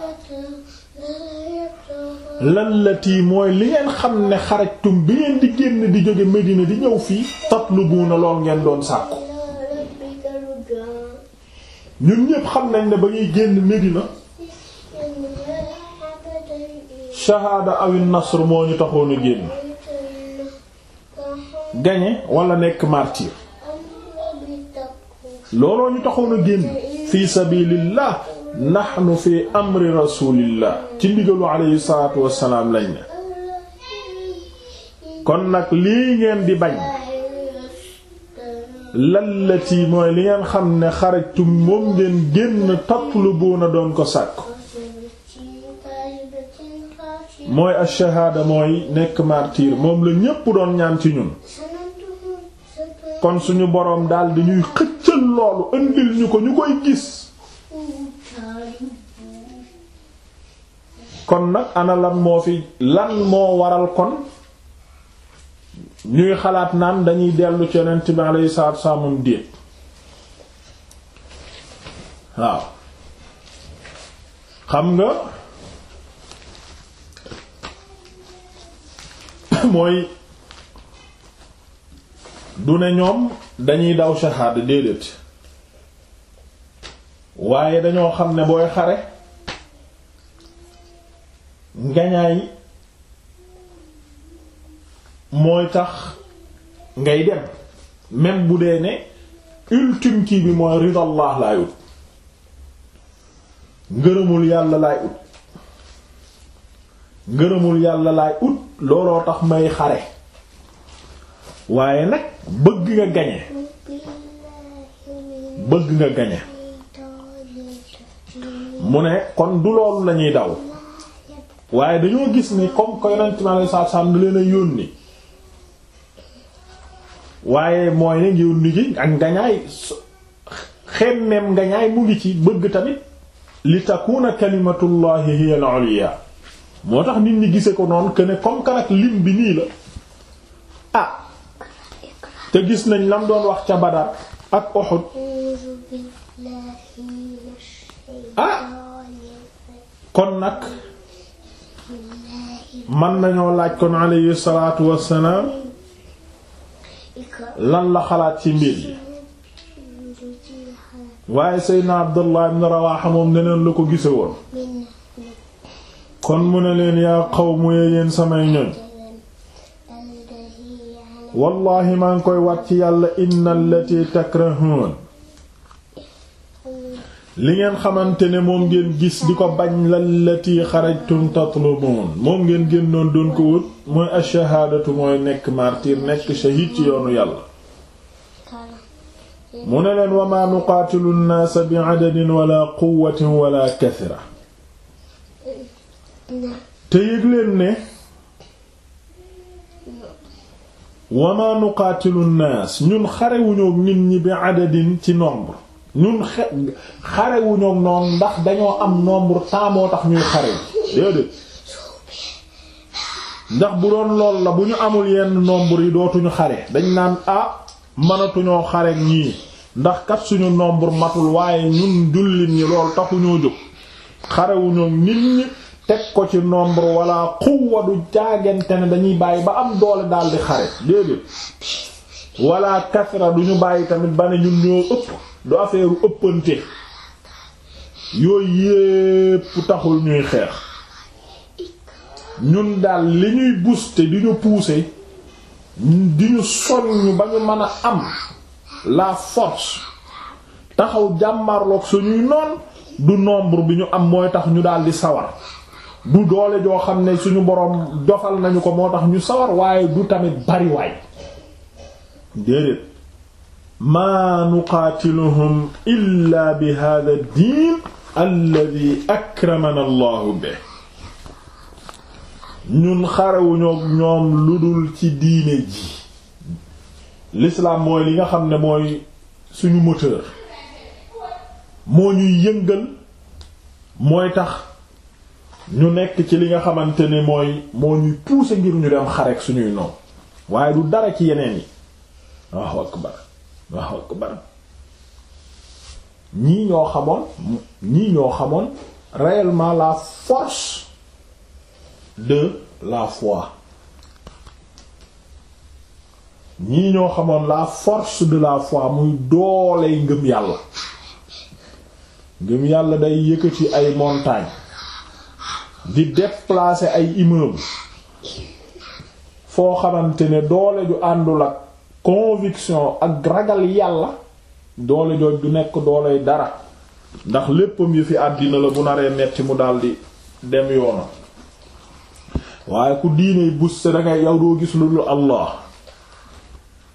lallati mooy li ngeen xam ne xarajtum bi ngeen di génn di jóge Medina di ñëw fii tatlubuuna lool ngeen doon sàkku ñun ñépp xam nañ ne ba ñuy génn Medina shahaada awi nasr moo ñu taxoon a génn gañe wala nekk martyr looloo ñu taxoon a génn fi sabilillah nahnu fi amri rasulillah ci ndigalu alayhi salaatu wassalaam lañ ne kon nag lii ngeen di bañ lallati mooy li ngeen xam ne xarajtum moom ngeen génn tatlubuuna doon ko sàkk mooy ash-shahaada mooy nekk martyr moom la ñépp doon ñaan ci ñun kon suñu boroom daldi ñuy xëccal loolu indil ñu ko ñu koy gis kon nag ana lan moo fi lan moo waral kon ñuy xalaat naan dañuy dellu ci yonent bi alayhi salaatu déet waaw xam nga mooy du ne ñoom dañuy daw shahaada déedéet waaye dañoo xam ne booy xare ngañaay mooy tax ngay dem même bu dee ne ultime kii bi mooy ridallah laay ut ngërëmul yàlla laay ut looloo tax may xare waaye nag bëgg nga gañe bëgg nga gañe mu ne kon du loolu lañuy daw waaye dañoo gis ni comme ko yonent mi sallallahu alayhi wasallam leen a yónni waaye mooy ne ngir nigi ak ngañaay xemmem ngañaay mu ngi ci bëgg tamit li takuna kalimatullahi hiya al-ulya moo tax nit ñi gise ko noonu que ne comme lim bi nii la ah te gis nañ lam doon wax ca Badar ak Uhud ah kon nag man nañoo laaj kon alayhi salaatu wassalaam lan la xalaat ci mbir yi waaye seydna abdullah ibn rawaha moom neneen ko gise kon mu ne leen yaa qawmu yéen samay ñoñ wallahi maa ngi koy wat ci yàlla innal lati takrahun li ngeen xamante ne moom ngeen gis di ko bañ lallati xarajtum tatlubuun moom ngeen génnoon doon ko wut mooy ash-shahaadatu mooy nekk martyr nekk shahid ci yoonu yàlla mu ne leen wa maa nuqaatilu nnaasa bi adadin wala quwwatin wala kasra te yëg leen ne wa maa nuqaatilu nnaas ñun xarewuñu nit ñi bi adadin ci nombre ñun xe xarewu ñoom noonu ndax dañoo am nombre temps moo tax ñuy xare déedéet ndax bu doon lool la bu ñu amul yenn nombre yi dootuñu xare dañ naan ah mënatuñoo xare ñii ndax kat suñu nombre matul waaye ñun jullit ñi lool taxuñoo jóg xarewuñoo nit ñi teg ko ci nombre wala quwwa du jaagante ne dañuy bàyyi ba am doole daal di xare déedéet wala kasra duñu bàyyi tamit ba ne ñun ñoo ëpp du affaire u ëppante yooyu yépp taxul ñuy xeex ñun daal li ñuy booster di ñu pousser di ñu soññ ba ñu mën a am la force taxaw jàmmarloog suñuy noon du nombre bi ñu am mooy tax ñu daal sawar du doole joo xam ne suñu boroom dofal nañu ko moo tax ñu sawar waaye du tamit bariwaay maa nuqaatiluhum illa bi hada diin alladi allahu be ñun xarewuñoo ñoom lu dul ci diine ji l'islam mooy li nga xam ne mooy suñu moteur moo ñuy yëngal mooy tax ñu nekk ci li nga xamante ne mooy moo ñuy pousser ngir ñu dem xarek suñuy noom waaye du dara ci yeneen yi waaw akbar ñii ñoo xamoon ñii ñoo xamoon réellement la force de la foi ñii ñoo xamoon la force de la foi muy dooley ngëm yàlla ngëm yàlla day yëkkati ay montagnes di déplacer ay immeubles foo xamante ne doole ju àndul ak conviction ak ragal yàlla doole jooj du nekk dooley dara ndax léppam yi fi àddina la bu naree metti mu daldi dem yoonam waaye ku diine bus te dangay yow doo gis lu dul Allah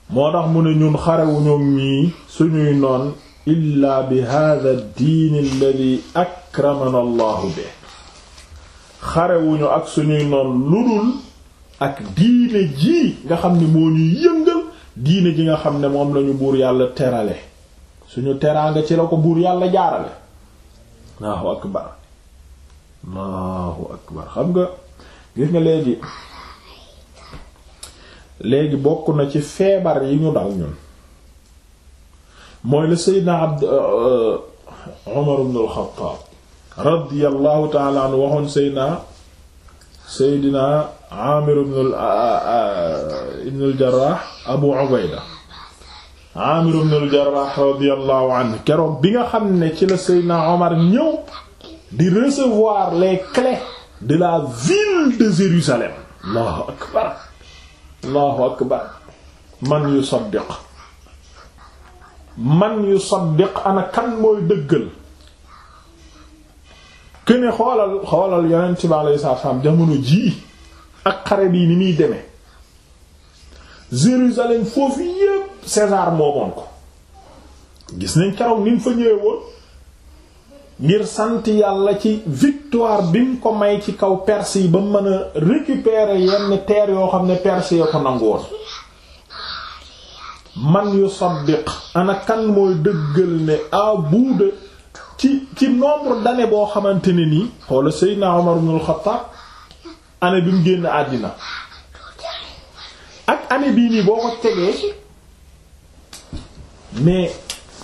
moo tax mu ne ñun xarewuñu ñii suñuy noon illaa bi hàdda diini alladi akramana allahu bi xarewuñu ak suñuy noon lu dul ak diine jii nga xam ne moo ñuy yëngal diine ji nga xam ne moom lañu buur yàlla terale suñu teraanga ci la ko buur yàlla jaarale allahu akbar allahu akbar xam nga gis nga léegi léegi bokk na ci feebar yi ñu dal ñun mooy la seydna abd euh, euh, umar ibn waxoon seydna seydna Amir ibn al-Jarrah Abu Ubayda Amir ibn al-Jarrah radiyallahu keroog bi nga xam ne ci la Seydina Omar ñëw di recevoir les clés de la ville de Jérusalem Allahu akbar Allahu akbar man yusaddiq man yusaddiq ana kan mooy dëggal kene xoolal xoolal yonent bi alayhi salaam jamono jii ak xare bii ni muy demee Jérusalem foofu yépp César moomoon ko gis nañ keroog ni mu fa ñëwee woon ngir sant yàlla ci victoire bi mu ko may ci kaw Perse yi ba mën a récupérer yenn teer yoo xam ne Perse ya ko nangu woon man yu saddiq ana kan mooy dëggal ne à ci ci nombre d'années boo xamante ni nii xoola Seydina Omar ibn al année bi mu génn àddina ak année bii nii boo ko tegee mais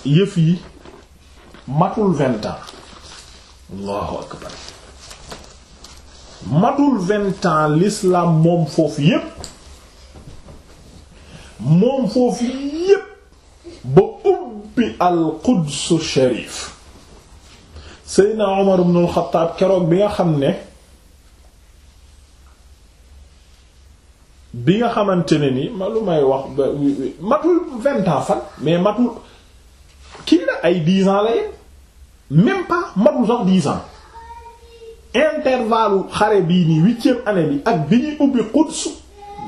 yëf yi matul vingt ans allahu akbar matul vingt ans moom foofu yépp moom foofu yépp ba ubbi al quds sharif Seydina Omar ibn al keroog bi nga xam ne bi nga xamante ne ni ma lu may wax matul vingt ans fan mais matul kii la ay dix ans la yem même pas matul sax dix ans xare bii nii huitième année bi ak bi ñuy ubbi Quds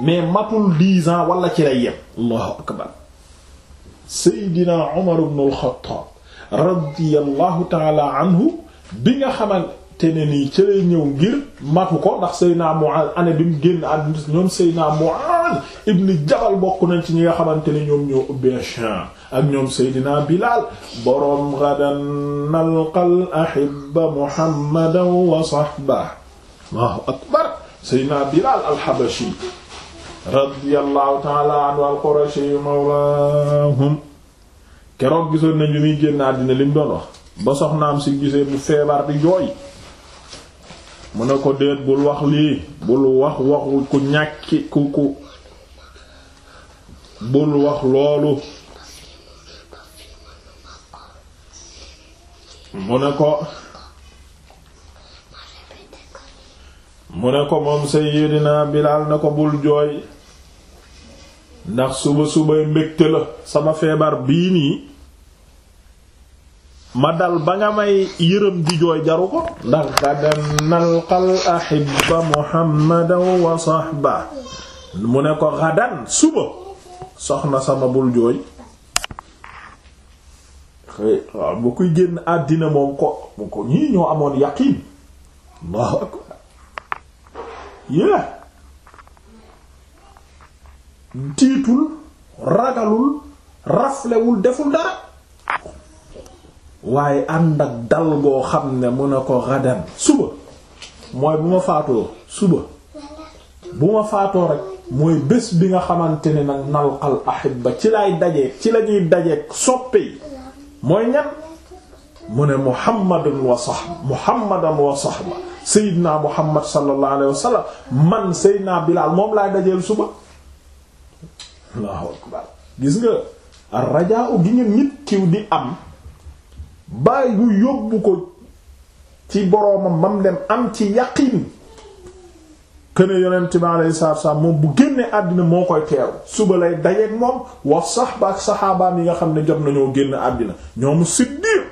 mais matul dix ans wala ci lay yem allahu akbar Seydina Umar ibn al radiyallahu ta'ala anhu bi nga xamante xamante ne nii ci lay ñëw matu ko ndax Seydina Mu'aaz bi mu génn àdduna ñoom Seydina Mu'aaz ibn Jabal bokk nañ ci ñi nga xamante ne ñoom ñoo ubbee Shaam ñoom Seydina Bilaal boroom gadan nalqal ahibba Muhammadan wa sahba Allahu akbar Seydina Bilaal al-Habashi radiyallahu ta'ala anhu al-Qurashi mawlaahum keroog gisoon nañu muy génn àddina li mu doon wax ba soxnaam si gisee bu feebar di jooy mu ne ko déet bul wax lii bul wax waxu ku ñàkki ku ku bul wax loolu mu ne ko mu ne ko moom Seydina Bilaal na ko bul jooy ndax suba subay mbégte la sama feebar bii nii ma dal ba nga may yërëm di jooy jaru ko ndax xadan nalqal ahibba muhammadan wa mu ne ko xadan suba soxna sama bul jooy waaw bu kuy génn àddina moom ko mu ko ñii ñoo amoon yaqiin allahu ragalul raflewul deful dara waaye ànd ak dal goo xam ne mu ne ko gadan suba mooy bu ma faatoo suba bu ma faatoo rek mooy bés bi nga xamante ne nag nalqal ahibba ci lay dajeek ci lañuy dajeek soppe yi mooy ñan mu ne muhammadan wa sahb muhammadan wa sahba sayyidina muhammad sallallahu alayhi wa sallam man sayyidina bilaal moom laay dajeel suba allahu akbar gis nga ar rajaa gi nga nit di am ba yu yóbbu ko ci boroomam ba mu dem am ci yaqin këne yonent bi alayhi salaatu wasallam moom bu génnee àddina moo koy teeru suba lay dajeek moom wax sahba ak saxaabaam yi nga xam ne jot nañoo génn àddina ñoom Siddiq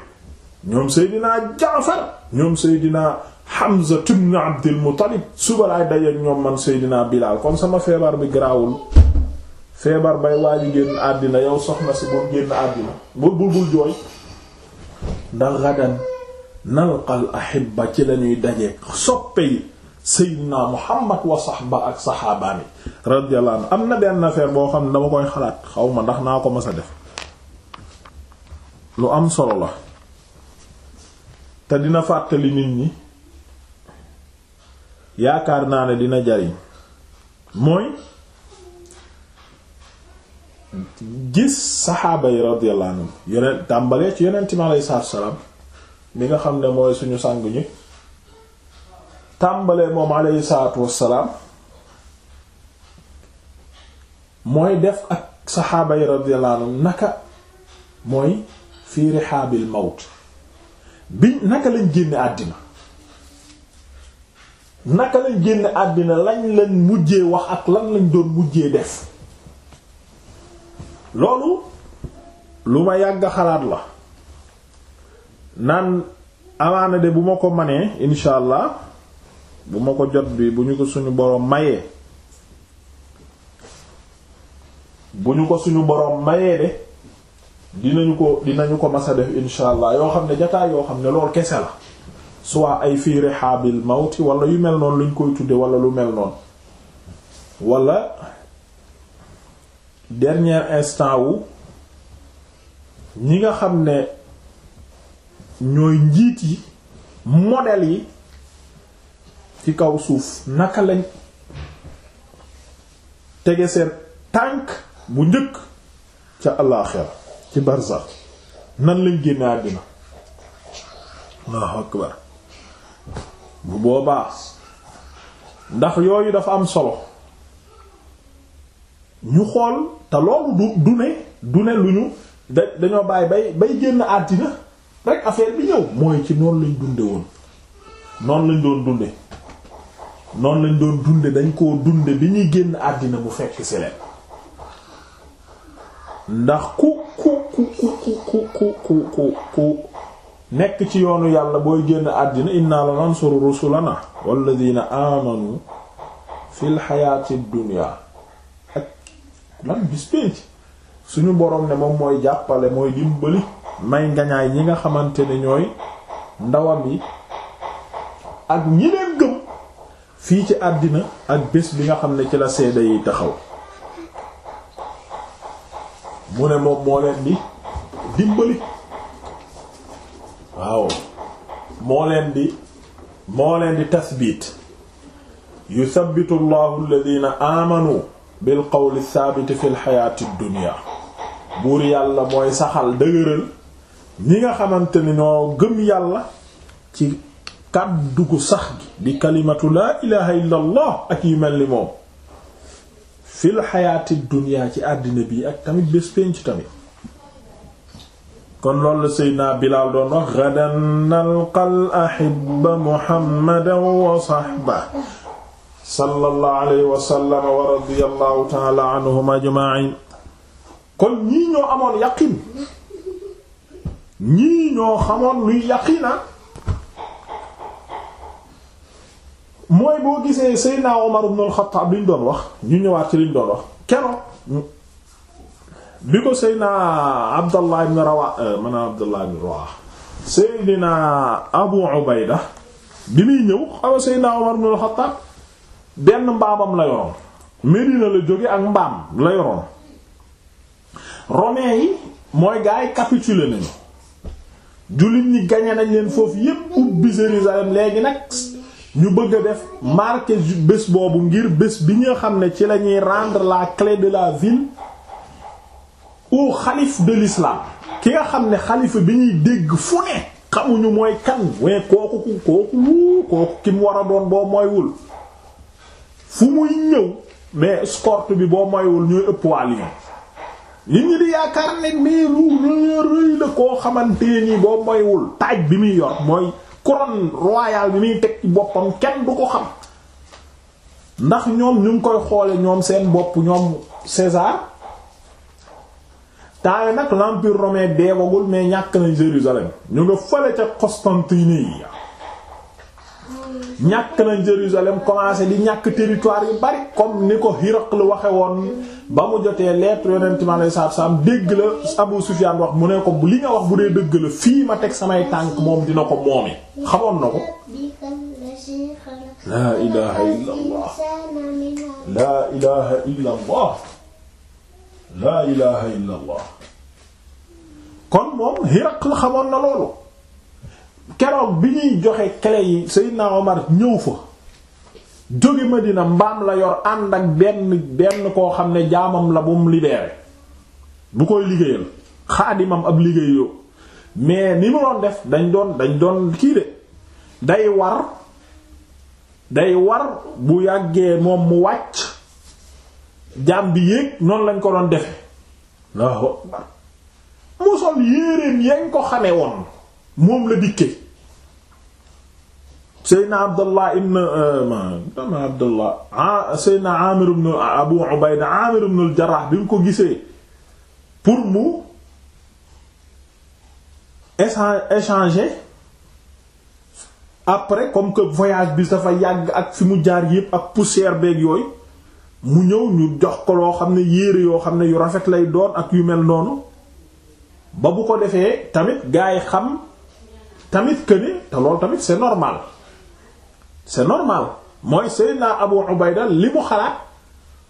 ñoom Seydina Jaafar ñoom Seydina Hamza ibn Abdul Muttalib suba laay dajeek ñoom man Seydina Bilaal kon sama feebar bi graawul feebar bay waaji génn àddina yow soxna si bul génn àddina bul bul bul jooy ndax gadan nalqal ahibba ci lañuy dajeek soppe yi seydina muhammad wa sahba ak saxaabaami radiyallahu am na benn affaire boo xam ne dama koy xalaat xaw ma ndax naa ko mës a def lu am solo la te dina fàttali nit ñi yaakaar naa ne dina jariñ mooy gis saxaaba yi radiyallahu yeneen tàmbalee ci yonent mi alayhi salaatu wa salaam mi nga xam ne mooy suñu sàng ñi tàmbalee moom alayhi salaatu salaam mooy def ak saxaaba yi radiyallahu naka mooy fii rihaabil mawt bi naka lañ génne àddina naka lañ génne àddina lañ lañ mujjee wax ak lan lañ doon mujjee def loolu lu ma yàgg xalaat la naan amaana de bu ma ko manee insha allah bu ma ko jot bi bu ñu ko suñu boroom mayee bu ñu ko suñu boroom mayee de dinañu ko dinañu ko masa def insha allah yoo xam ne jataay yoo xam ne loolu kese la soit ay fii rihaabil mawti wala yu mel noonu luñ koy tudde wala lu mel noonu wala dernier instant wu ñi nga xam ne ñooy njiit yi model yi ci kaw suuf naka lañ tege seen tànk bu njëkk ca àllaaxira ci barzax nan lañ génne àddina Allahu akbar bu boobaa ndax yooyu dafa am solo ñu xool te loolu du du ne lu ñu da dañoo bàyyi bay bay génn àddina rek affaire bi ñëw mooy ci noonu lañ dunde woon noonu lañ doon dunde noonu lañ doon dunde dañ koo dunde bi ñuy génn àddina bu fekk si leen ndax ku ku ku ku ku ku ku ku ku nekk ci yoonu yàlla booy génn àddina inna la nansuru rusulana walladina amanu fil hayatid dunya lan bis pénc suñu boroom ne moom mooy jàppale mooy dimbali may ngañaay yi nga xamante ne ñooy ndawam yi ak ñi leen gëm fii ci àddina ak bés bi nga xam ne ci la seede yi taxaw mu ne moom moo leen di dimbali waaw moo leen di moo leen di tasbiit yusabbitu allahu alladhina amanu bil qawli thabiti fil hayati dunya buur yàlla mooy saxal dëgëral ñi nga xamante ni ñoo gëm yàlla ci kàddu gu sax gi di kalimatu laa ilaha illa ak yi mel ni moom fil hayati dunya ci àddina bi ak tamit bés penc tamit kon loolu la Seydina Bilaal doon wax gadanal qal ahibba muhammadan wa sahba sallallahu alayhi wa sallam wa radiyallahu ta'ala anhum ajma'in kon ñii ñoo amoon yaqin ñii ñoo xamoon luy yaqina ah. mooy boo gisee Seydina Omar ibn al-Khattab liñ doon wax ñu ñëwaat ci liñ doon wax keroog bi ko Seydina Abdallah ibn Rawah euh, mana Abdallah ibn Rawah Seydina Abu Ubayda bi muy ñëw xaw Seydina Omar ibn al-Khattab benn mbaamam la yoroon Medina la jóge ak mbaam la yoroon romains yi mooy gars yi capitulé nañu jullit ñi gañe nañ leen foofu yépp ubbi Jérusalem léegi nag ñu bëgg a def marqué bés boobu ngir bés bi nga xam ne ci la ñuy rendre la cle de la ville au xalif de l'islam ki nga xam ne xalifa bi ñuy dégg fu ne xamuñu mooy kan waaye kooku kooku kooku kooku ki mu war a doon boo mooywul fu muy ñëw mais escorte bi boo moywul ñooy ëpp waa Lyon nit di yaakaar ne mais lu rëy la koo xamante ni boo moywul taaj bi muy yor mooy couronne royale bi muy teg ci boppam kenn du ko xam ndax ñoom ñu ngi koy xoole ñoom seen bopp ñoom César taale nag l'empire romain deewagul mais ñàkk na Jérusalem ñu nga fële ca Constantinople ñàkk na Jérusalem commencé di ñàkk territoire yu bari comme ni ko Hiraql waxe woon ba mu jotee lettre yonent mi alayhi salaatu salaam dégg la Abu Sufyaan wax mu ne ko li nga wax bu dee dëgg la fii ma teg samay tànk moom dina ko moome xamoon na ko laa ilaha illa allah kon moom Hiraql xamoon na loolu keroog bi ñuy joxe clé yi Seydina Omar ñëw fa jóge Madina mbaam la yor ànd ak benn benn koo xam ne jaamam la bu mu bu koy liggéeyal xaadimam ab liggéey yo mais ni mu doon def dañ doon dañ doon kii de day war day war bu yàggee moom mu wàcc jaam bi yéeg noonu lañ ko doon defe Allahu akbar yañ ko xame woon moom la dikkee seydna abdullah ibn euh, dama abdullah seydna abu ubayda amir ibn bi mu ko gisee pour mu échanger après comme que voyage bi dafa yàgg ak fi mu jaar yépp ak poussière beeg yooyu mu ñëw ñu jox ko loo xam ne yére yoo xam ne yu rafet lay doon ak yu mel noonu ba bu ko defee tamit gaa xam tamit que ni te loolu tamit c'est normal c'est normal mooy Seydina Abu Ubayda li mu xalaat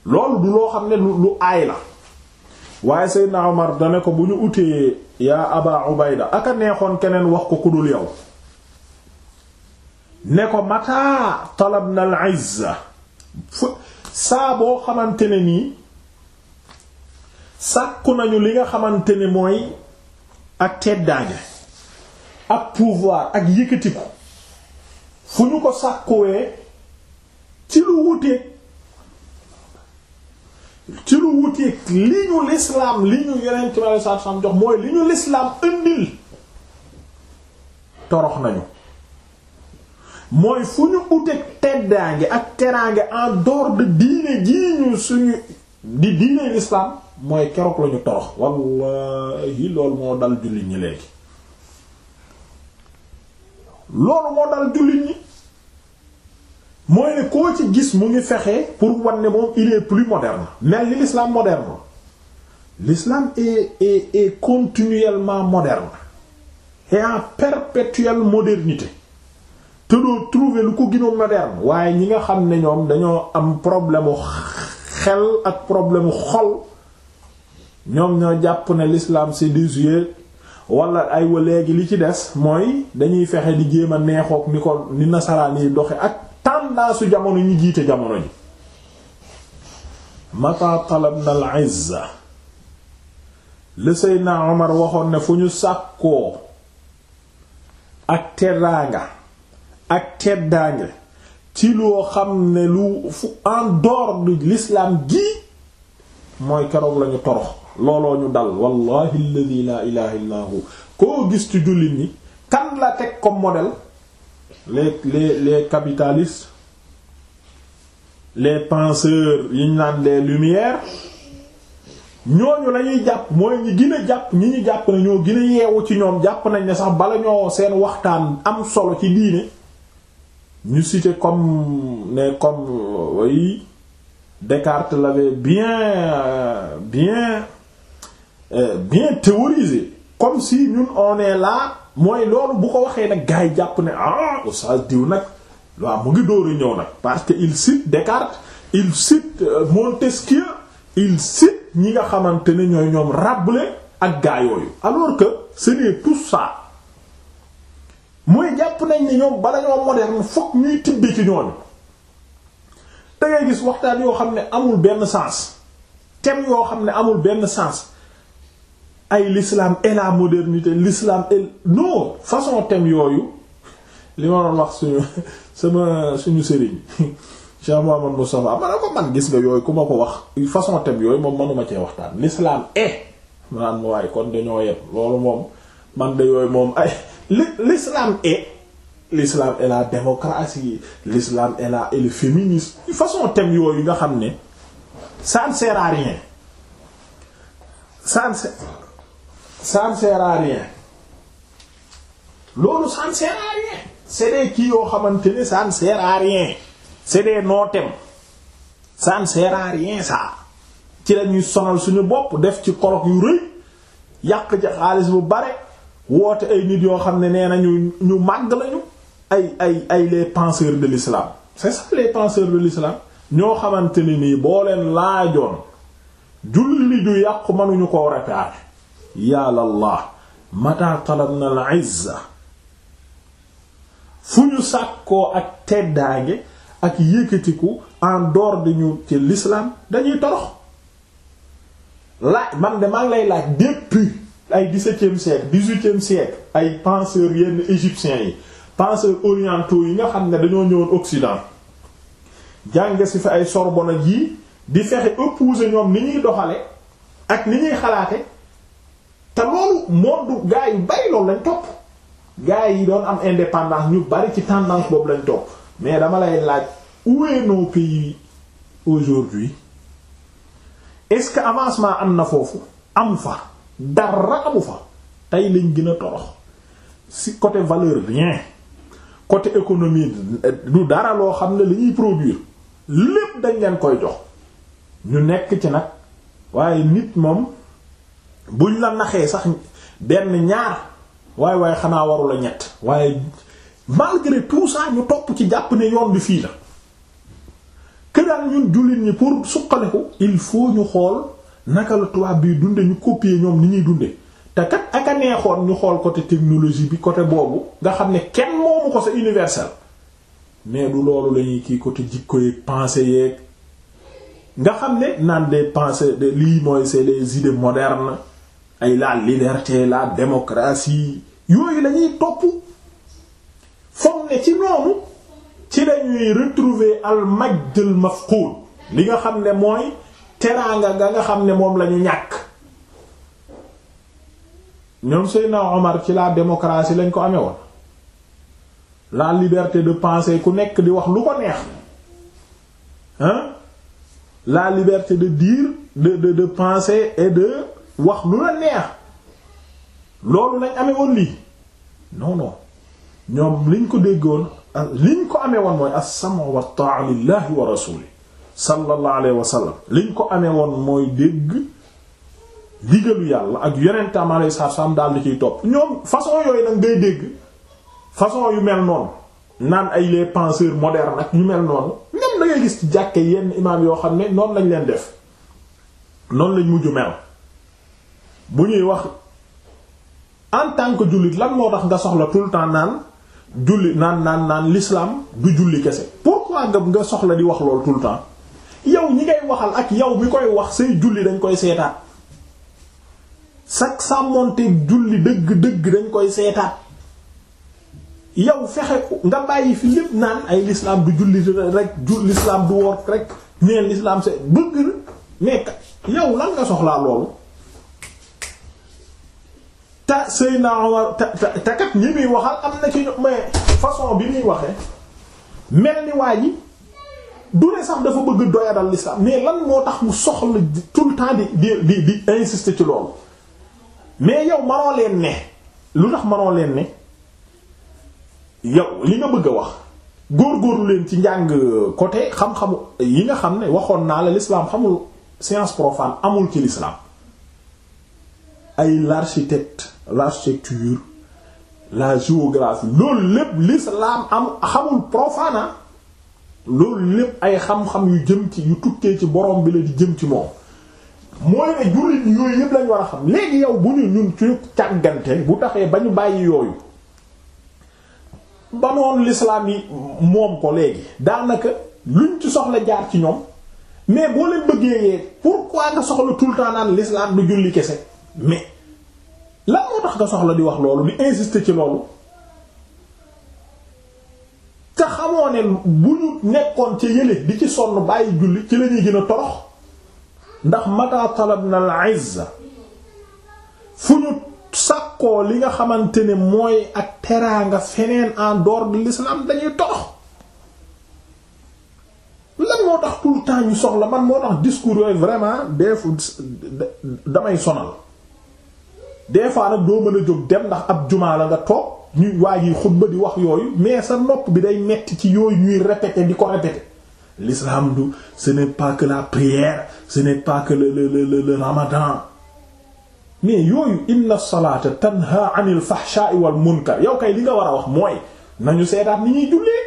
loolu du loo xam ne lu lu aay la waaye Seydina Omar dane ko bu ñu utee yaa Aba Ubayda aka neexoon keneen wax ko ku dul yow ne ko mata talabna al izza saa boo xamante ne nii sàkku nañu li nga xamante ne mooy ak teddaange ak pouvoir ak yëkkatiku fu ñu ko sàkkowee ci lu wuteeg ci lu wuteeg li ñu lislaam li ñu yeneen ci ma saat jox mooy li ñu lislaam indil torox nañu mooy fu ñu uteeg teddaange ak teraange en dehors diine jii ñu suñu di diine lislaam mooy keroog lañu torox wallahi loolu moo dal julli ñi léegi loolu moo dal jullit ñi mooy ne koo ci gis mu ngi fexe pour wan ne moom il est plus moderne mel ni l'islam moderne l'islam est est est continuellement moderne et en perpétuelle modernité te trouver lu ko gën a moderne waaye ñi nga xam ne ñoom dañoo am problème mu xel ak problème mu xol ñoom ñoo jàpp ne l'islam c'est désuet wala ay léegi li ci des mooy dañuy fexe di jéem a neexook ni ko ni nasaraan yi doxe ak tendance jamono ñi jiite jamono ji mata talabna al izza le Seydina waxoon ne fu ñu sàkkoo ak teddaanga ak teddaange ci loo xam ne lu fu en dehors de gi mooy keroog lañu torox looloo ñu dal wallahi la ilaha illa hu koo gis ci jullit ñi kan la teg comme model les les les capitalistes les penseurs yi ñu naan les lumières ñooñu la ñuy jàpp mooy ñi gën a jàpp ñi ñu jàpp ne ci ñoom jàpp nañ ne sax bala ñoo seen waxtaan am solo ci diine ñu cité comme ne comme euh, Descartes l'avait bien euh, bien Euh, bien théorisé comme si ñun on la mooy loolu bu ko waxee nag gars yi jàpp ne ah oustaz diw nag waaw mu ngi dóoru ñëw nag parce que il cite Descartes il cite euh, Montesquieu il cite ñi nga xamante ne ñooy ñoom Rabelais ak gaa yooyu alors que ce n'est tout ça mooy jàpp nañ ne ñoom bala ñoo moderne fokk ñuy tibbee ci ñooñu da ngay gis waxtaan yoo xam ne amul benn sens thème yoo xam ne amul benn sens ay l'islam et la modernité l'islam et non façon thème yooyu li ma doon wax suñu sama suñu sëriñ Cheikh Mouhamadou Moustapha ma ko man gis nga yooyu ku ma ko wax façon thème yooyu moom manuma cee waxtaan l'islam et maanaam waaye kon dañoo yem loolu moom man de yooyu moom ay l'islam et l'islam et la démocratie l'islam et la et le féminisme façon thème yooyu nga xam ne ça ne sert à ça ne sert à loolu ça ne sert à yoo xamante ne ça ne sert à rien c'est des ci lañuy sonal suñu bopp def ci colloque yu rëy yàq ci xaalis bu bare woote ay nit yoo xam ne nee nañu ñu màgg lañu ay ay ay les penseurs de l'islam c'est ça les penseurs de l'islam ñoo xamante ne nii boo leen laajoon julli ju yàqu mënuñu koo réparer yàllallah mata talabna al izza fu ñu sàkkoo ak teddaange ak yëkkatiku en dehors de ñu ci l'islam dañuy torox laaj man de maa lay laaj depuis ay dix-septième siècle dix ay penseurs yenn égyptiens yi penseurs orientaux yi nga xam ne dañoo ñëwoon Occident jànge si fa ay Sorbonne ji di fexe opposer ñoom ni ñuy doxale ak ni ñuy xalaate te loolu monde gaa yu bari loolu lañ topp gaa yi doon am indépendance ñu bari ci tendance boobu lañ topp mais dama lay laaj où est nos pays aujourd'hui est-ce que avancement am na foofu am fa dara amu fa tey lañ gën a torox si côté valeur bien côté économie du dara loo xam ne li ñuy produire lépp dañ leen koy jox ñu nekk ci nag waaye nit moom buñ la naxee sax benn ñaar waaye waaye xanaa warula ñett waaye malgré tout ça ñu topp ci jàpp ne yoon bi fii la këral ñun jullit ñi pour suqaliku il faut ñu xool naka la tubaab bi dunde ñu copier ñoom ni ñuy dunde te kat ak a neexoon ñu xool côté technologie bi côté boobu nga xam ne kenn moomu ko sa universel mais du loolu la ñuy kii côté jikko yeeg pensée yeeg nga xam ne naan des pensées de lii mooy c'est les idées modernes ay la liberté la démocratie yooyu lañuy topp foog ne ci noonu ci lañuy retrouver al majd al li nga xam ne mooy teraanga ga nga xam ne moom lañu ñàkk ñoom Seydina Omar ci la démocratie lañ ko amee woon la liberté de penser ku nekk di wax lu ko neex la liberté de dire de de de penser et de wax lu na neex loolu lañ amee woon lii non ñoom liñ ko déggoon liñ ko amee woon mooy as-sam'u wa ta'a lillahi wa rasuli sallallahu wa sallam liñ ko amee woon mooy dégg digalu yàlla ak yonentam alayhi salaam daal di ciy topp ñoom façon yooyu nag dégg façon yu mel noonu naan ay les penseurs modernes ak yu mel noonu même da gis ci jàkke yenn imaam yoo xam ne noonu lañ leen def noonu lañ mujj mel bu ñuy wax en tant que jullit lan moo tax nga soxla tout le temps naan julli naan naan naan lislaam du julli kese pourquoi nga nga soxla di wax loolu tout yow ñi ngay waxal ak yow mi koy wax say julli dañ koy seetaat sak sàmmonteeg julli dëgg-dëgg dañ koy seetaat yow fexe nga bàyyi fi lépp naan ay l'islam du julli rek ju du woor rek neen l'islam c'est bëgg mais yow lan nga soxlaa loolu ta Seydina Omar te te te kat ñi muy waxal am na ci mais façon bi muy waxee mel ni waa yi du re sax dafa bëgg doyadal l'islam mais lan moo tax mu soxla tout le temps di di di insister ci loolu mais yow manoo leen ne lu tax manoo leen ne yow li nga bëgg a wax góorgóorlu leen ci njàng côté xam-xamu yi nga xam ne waxoon naa la lislaam xamul science profane amul ci l'islam ay l'architecte l'architecture la géographie loolu lépp l'islam am xamul profana loolu lépp ay xam-xam yu jëm ci yu tukkee ci borom bi la di jëm ci moom moo ne jullit yooyu yëpp lañ war a xam léegi yow bu ñu ñun ci càggante bu taxee ba ñu bàyyi yooyu ba noonu l'islam yi moom ko léegi daanaka luñ ci soxla jaar ci ñoom mais boo leen bëggee pourquoi nga soxla tout le temps naan l'islam du julli kese mais lan moo tax nga soxla di wax loolu di insister ci loolu te xamoo ne bu ñu nekkoon ca yële di ci sonn bàyyi julli ci lañuy gën a torox ndax mata talabna na izza fu ñu sàkkoo li nga xamante ne mooy ak teraanga feneen en dehors de l'islam dañuy torox lan moo tax tout le temps ñu soxla man moo tax discours yooyu vraiment def damay sonal des fois nag doo mën a jóg dem ndax ab jumaa la nga toog ñuy waa ji xutba di wax yooyu mais sa nopp bi day metti ci yooyu ñuy répéter di ko répéter l'islam du ce n'est pas que la prière ce n'est pas que le le le le ramadan mais yooyu inna salata tanha anil fahsha'i wal munkar yow kay li nga war a wax mooy nañu seetaat ni ñuy jullee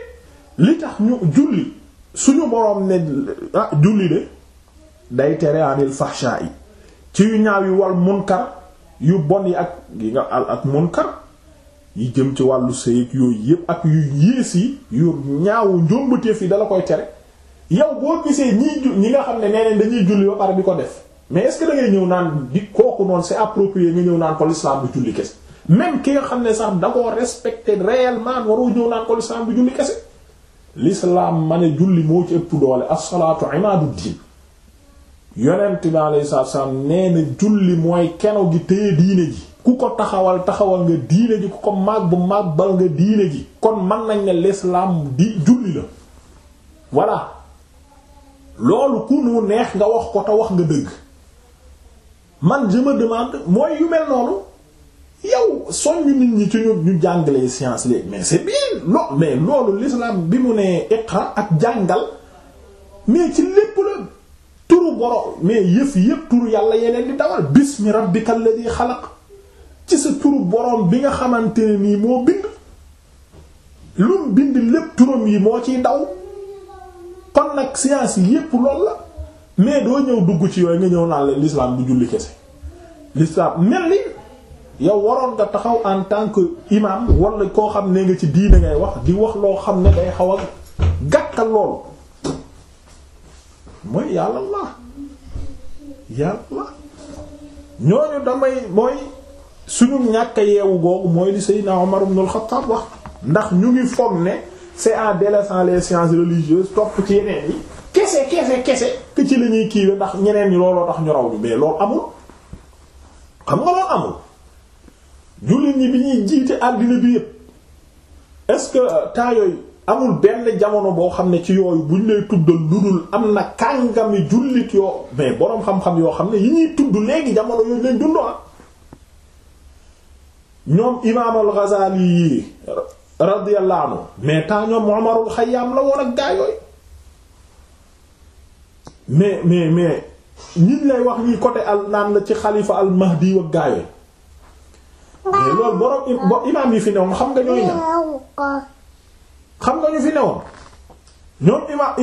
li tax ñu julli suñu boroom ne ah julli de day tere anil fahsha'i ci yu ñaaw yi wal munkar yu bon yi ak yi nga al ak munkar yi jëm ci wàllu sëy yooyu yépp ak yu yées yi yu ñaawu njombateef yi dala koy tere yow boo gisee ñiy ñi nga xam ne nee dañuy julli ba pare di ko def mais est-ce ñëw naan di kooku noonu c'est approprié nga ñëw naan ko l'islam bu julli kese même ki nga xam ne sax da koo respecté réellement waroo ñëw naan ko l'islam bu julli kese l'islam ma ne julli moo ci ëpp doole as-salaatu imaadu diin yonent bi alayhi salaatu salaam nee na julli mooy keno gi téye diine ji ku ko taxawal taxawal nga diine ji ku ko maag bu maag bal nga diine ji kon man nañ ne l'islam di julli la voilà loolu ku nu neex nga wax ko te wax nga dëgg man je me demande mooy yu mel noonu yow soññu nit ñi ci ñu ñu jàngalee science léegi mais c'est bien non mais loolu l'islam bi mu ne iqra ak jàngal mais ci lépp la turu boro mais yëf yëpp turu yàlla yeneen di dawal bismi rabbikal ladhi xalaq ci sa turu borom bi nga xamante ne nii moo bind lum bind lépp turam yi moo ciy daw kon nag science yi yëpp lool la mais doo ñëw dugg ci yooyu nga ñëw naa la l'islam du julli kese l'islam mel ni yow waroon nga taxaw en tant que imam wala koo xam ne nga ci diine ngay wax di wax loo xam ne day xaw a gàttal loolu mooy yàlla la yàlla ñooñu damay mooy suñu ñàkk yeewu googu mooy li Seydina Omar ibn al-Khattab wax ndax ñu ngi fom ne c'est en délaissant les sciences religieuses topp ci yeneen yi kese kese kese que ci la ñuy kiiwe ndax ñeneen ñi looloo tax ñu raw bi mais loolu amul xam nga loolu amul jullit ñi bi ñuy jiite àddina bi yépp est-ce que temps yooyu amul benn jamono boo xam ne ci yooyu buñ lay tuddal ludul am na kàngami jullit yoo mais boroom xam-xam yoo xam ne yi ñuy tudd léegi jamono yooyu lañ dund ah ñoom imaam al yi radiyallahu anhu mais temps ñoom Umarul Xayyaam la woon ak gaa mais mais mais ñiñ lay wax ñi côté al naan la ci xalifa al mahdi ak gaa mais loolu boroom imaam yi fi ne woon xam nga ñooy ñan xam nga ñu fi newoon ñoom imaam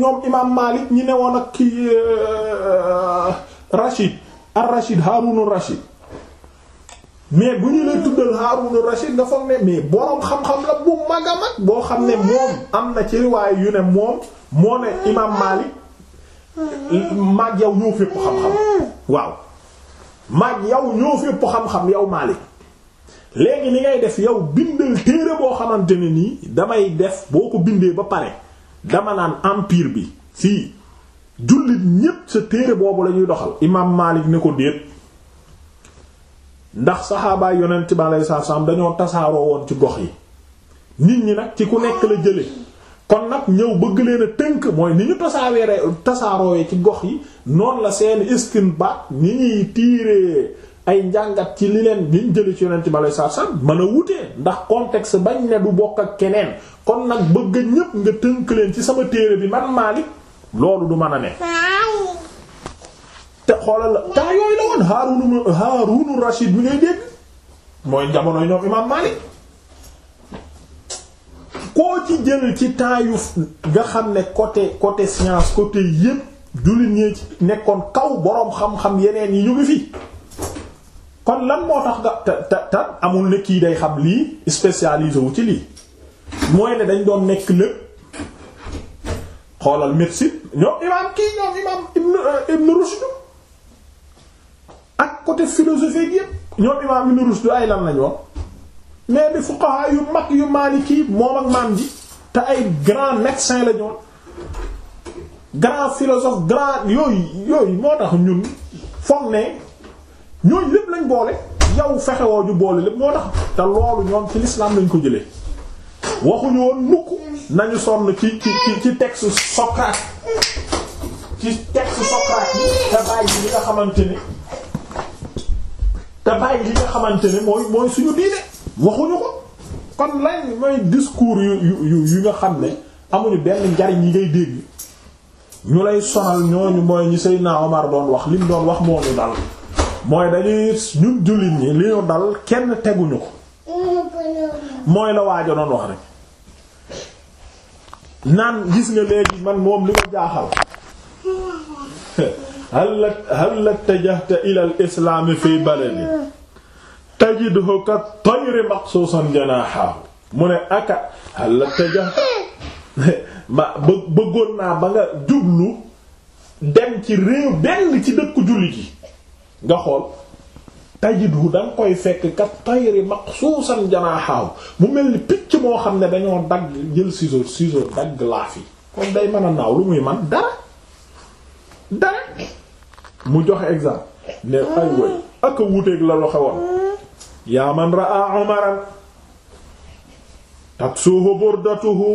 ñoom imaam ñi newoon ak kii euh, euh, Rachid ar Rachid Haarunu Rachid mais bu ñu lay tuddal Haarunu Rachid nga foog ne mais borom xam-xam la bu mag a boo xam ne moom am na ci riwaay yu ne moom moo imaam Maalik maag yow ñoo fépp xam-xam waaw maag yow ñoo fépp xam-xam yow Maalik léegi li ngay def yow bindal téere boo xamante ne nii damay def boo ko bindee ba pare dama naan empire bi si jullit ñépp sa téere boobu lañuy doxal imaam Maalik ne ko déet ndax saxaabaay yonent bi alayhi salaam dañoo tasaaroo woon ci gox yi nit ñi nag ci ku nekk la jële kon nag ñëw bëgg leen tënk mooy ni ñu tasaaroo tasaaroo ci gox yi noonu la seen istinbaat ni ñuy tiiree ay njàngat ci li leen liñ jële ci yonent bi alei satu salam mën a wutee ndax contexte bañ ne du bokk ak keneen kon nag bëgg ñépp nga tënk leen ci sama téere bi man Maalik loolu du mën a ne te xoolal la temps la woon Haarunu Haarunu Rashid mi ngay dégg mooy jamonoy ñoom Imaam Maalik koo ci jël ci temps yu nga xam ne côté côté science côté yépp jullit ñee ci nekkoon kaw boroom xam-xam yeneen yi ñu ngi fi kon lan moo tax nga te te te amul ne kii day xam lii spécialisé wu ci lii mooy ne dañ doon nekk lépp xoolal médecine ñoom imaam kii ñoom imaam ibn euh, ibn Rushd côté philosophique yëpp ñoom imaam ibn Rushd ay lan lañ wax mais bi fuqaha yu mag yu Maliki moom ak maam ji te ay grand médecin la ñoon grand philosophe grand yooyu yooyu moo tax ñun foog ne ñooñu lépp lañ boole yow fexewoo ñu boole lépp moo tax te loolu ñoom ci l'islam lañ ko jëlee waxuñu woon mukk nañu sonn ci ci ci texte Socrate ci texte Socrate yi te bàyyi li nga xamante ni te bàyyi li nga xamante ni mooy mooy suñu diine waxuñu ko kon lañ mooy discours yu yu yu nga xam ne amuñu benn njariñ yi ngay yi ñu lay sonal ñooñu mooy ñi Seydina Omar doon wax liñ doon wax moo ñu dal mooy dañuy jullit ñi li ñu dal kenn teguñu ko mooy la waajo doon wax rek naan gis nga léegi man moom li ma jaaxal hal hal tajahta ila al islam fi baladi tajidhu ka tayri maqsusan janaha mu ne aka hal tajahta ma bëggoon naa ba nga jublu dem ci réew benn ci dëkku jullit yi nga xool tajidhu da nga koy fekk kat tayri maqsuusan janaaxaaw mu mel ni picc moo xam ne dañoo dagg jël ciseau ciseau dagg laaf yi kon day mën a naaw lu muy man dara dara mu joxe exemple ne ay way ak wuteeg la loxe woon yaa man ra'a umaran taksuhu burdatuhu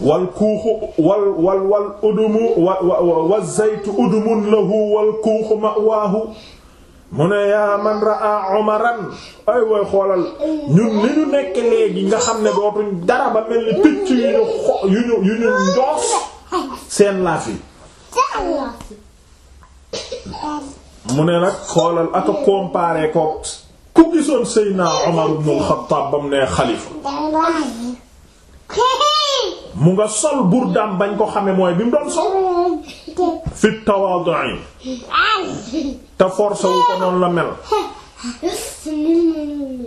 wal kuuxu wal wal wal udumu wa wa zaytu udumun lahu wal kuuxu mawaahu mu ne yaa man raa omaran ay way xoolal ñun ni ñu nekk léegi nga xam ne dootuñ dara ba mel ni picc yu ñu xo yu ñu ñu njoos seen laaf yi mu ne nag xoolal aka comparé ko ku gisoon Seydina Omar ibn al-Khattab ba mu ne xalifa mu nga sol burdaam bañ ko xame mooy bi mu doon sol fit tawaadu te force wu ko la mel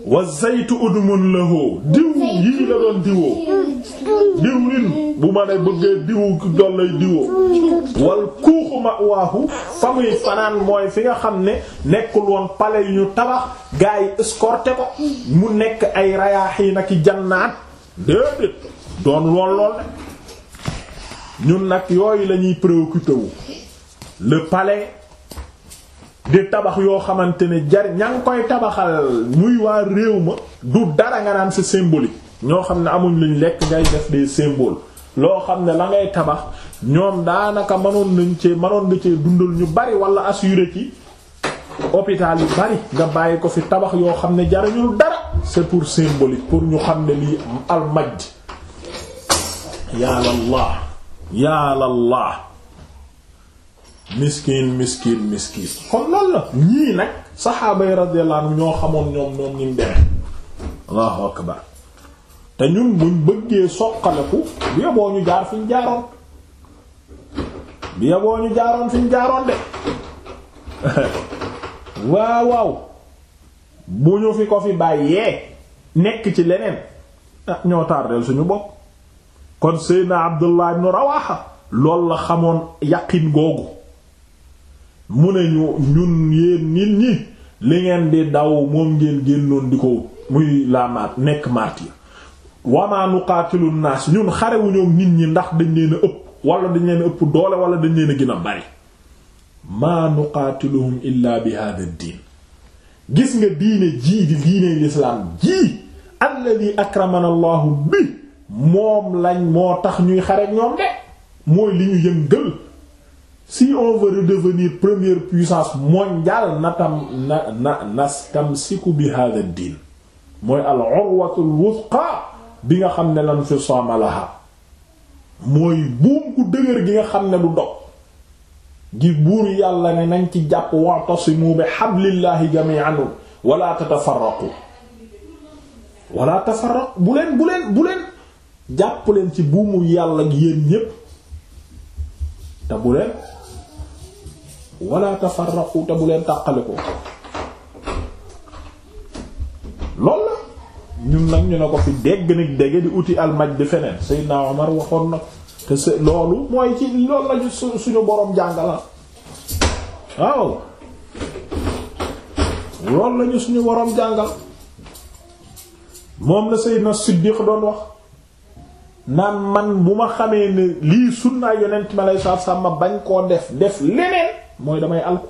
wa zaytu udmun lahu diw yii la doon diwoo diw lin bu ma ne bëggee diwu ki lay diwoo wal kuuxu ma fa muy fanaan mooy fi nga xam ne nekkul woon pale yu ñu tabax gaa yi ko mu nekk ay rayaaxiin ak jannaat déedéet doon lool lool ne ñun nag yooyu la ñuy préoccupé wu le palais di tabax yoo xamante ne jar ña ngi koy tabaxal muy waa réew ma du dara nga naan c'est symbolique ñoo xam ne amuñ luñ lekk ngay def des symboles loo xam ne la ngay tabax ñoom daanaka mënoon lañ cee mënoon nga cee dundal ñu bari wala assuré ci hôpital yu bari nga bàyyi ko fi tabax yoo xam ne jariñul dara c'est pour symbolique pour ñu xam ne lii al majd yaalallah yaalallah miskin miskin miskin kon loolu la ñii nag saxaaba yi radiyallahu anhu ñoo xamoon ñoom ñoom ñi mu buñ bëggee soqaleku bi ñu jaar fi ñu jaaroon bi yoboo waaw waaw bu ñu fi ko fi bàyyee nekk ci leneen ah ñoo tardeel suñu bopp kon seydna abdullah ibn rawaxa loolu la xamoon yaqin googu mu ne ñu ñun yéen nit ñi li ngeen di daw moom ngeen génnoon di ko muy la mart nekk martyr wama nuqaatilu naas ñun xarewuñoom nit ñi ndax dañ leen a ëpp wala dañ leen a ëpp doole wala dañ leen a gën a bari maa nuqaatiluhum illa bi hada diin gis nga diine jii di diine lislaam jii alladi akramana bi moom lañ moo tax ñuy xareek ñoom de mooy li ñu yëngal si on veut redevenir première puissance mondiale natam na na nastamsiku bi hadha ad mooy al urwatul wuthqa bi nga xam ne lan fi samalaha mooy buum ku dëgër gi nga xam ne du dog gi buur yàlla ne nañ ci jàpp wa'tasimu bi hablillahi jami'an wala tatafarraqu wala tafarraqu bu leen bu leen bu leen jàpp leen ci buumu yàlla ak yéen ñépp te bu leen wala tafarraqu te bu leen tàqale ko lool la ñun nag ñu ne ko fi dégg nag dégg di uti almaj di feneen Seydina Omar waxoon nag te se loolu mooy ci loolu la su suñu boroom jàngala ah. waaw loolu lañu suñu boroom jàngal moom la Seydina Siddiq doon wax naan man bu ma xamee ne lii sunna yonent ma lay saaf saaf ma bañ koo def def leneen mooy damay alko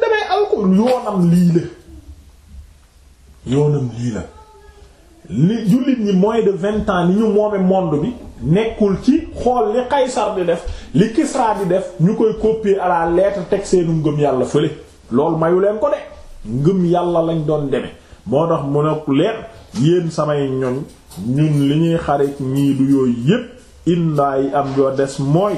damay alko yoonam lii la yoonam lii la li jullit ñi moins de vingt ans ni ñu moome monde bi nekkul ci xool li Qaysar di def li Kisra di def ñu koy copier à la lettre teg seenu ngëm yàlla fële loolu mayu leen ko de ngëm yàlla lañ doon deme moo tax mu ne leen samay ñoñ ñun li ñuy xarit ñii du yooyu yépp illaa yi am yoo des mooy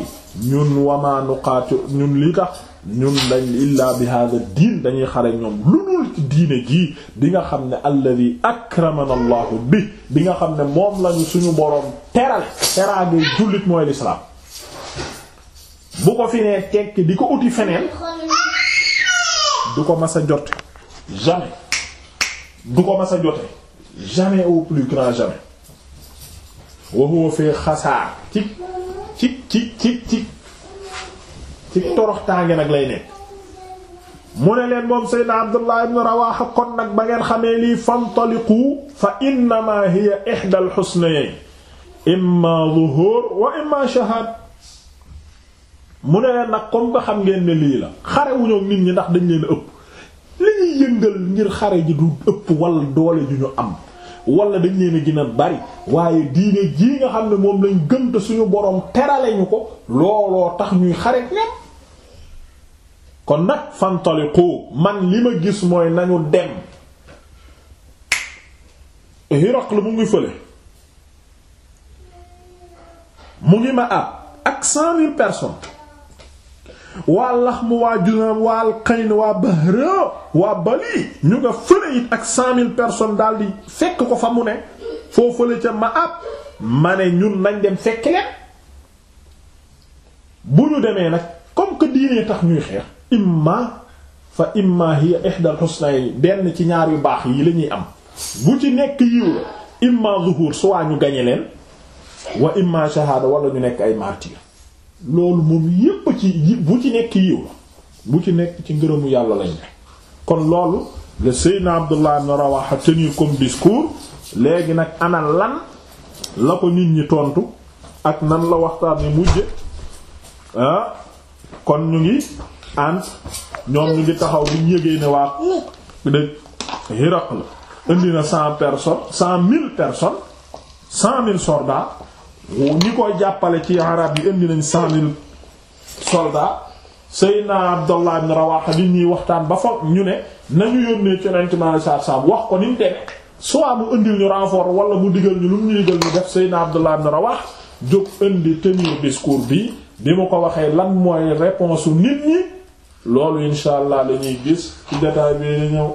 ñun wama nuqaatu ñun li tax ñun dañ illaa bi hada diin dañuy xare ñoom lu dul ci diine jii bi xam ne alladi akramana bi bi nga xam ne moom lañu suñu boroom teral teraangay jullit mooy lislaam bu ko fi nee tekki di ko uti feneen du ko mas a jot jamais du ko mas a jote jamais au plus grand jamais wa huwa fii xasaar ci ci ci ci ci ci toroxtaange nag lay nekk mu ne leen moom Seydina Abdullah ibn Rawaha kon nag ba ngeen xamee lii fantaliqu fa innama hiya ihda al imma zuhur wa imma shahad mu ne leen nag comme nga xam ngeen ne lii la xare wuñu nit ñi ndax dañ leen ëpp ñuy yëngal ngir xare ji du ëpp wala doole ju ñu am wala dañ leen a gën bari waaye diine ji nga xam ne moom lañ gënt suñu boroom terale ñu ko looloo tax ñuy xare ñépp kon nag fantaliqu man li ma gis mooy nañu dem Hiraql mu ngi fële mu ngi ma ab ak cent mille personnes waa Laxm waa Juzaam waa Alqayn waa Bahra waa Bali ñu nga fële it ak cent mille personnes daal di fekk ko fa mu ne foo fële ca Maab ma ne ñun nañ dem fekk leen bu ñu demee nag comme que diinee tax ñuy xeex imma fa imma hiya ihdal husnayn benn ci ñaar yu baax yi lañuy am bu ci nekk yiw la imma zuhur su waa ñu gañe leen wa imma shahada wala ñu nekk ay martyr loolu moom yépp ci bu ci nekk yiw bu ci nekk ci ngërëmu yàlla lañ ne kon loolu le Seydina Abdullah ibn Rawaha tenu comme discours léegi nag ana lan la ko nit ñi tontu ak nan la waxtaan ni mujje ah kon ñu ngi ànd ñoom ñu ngi taxaw bi ñu yëgee ne waa dëkk Hiraql la indi na cent personnes cent mille personnes cent mille soldats ñi koy jàppale ci arab yi indi nañ cent mille soldats Seydina Abdallah ibn Rawaha li ñuy waxtaan ba foog ñu ne nañu yónnee ci Yonent a alayhi wax ko ni mu demee soit mu indil ñu renfort wala mu digal ñu lu mu ñu digal ñu def Seydina Abdallah ibn Rawaha jóg indi tenir discours bi bi ma ko waxee lan mooy réponse nit ñi loolu insha allah la gis ci détail bi ñëw.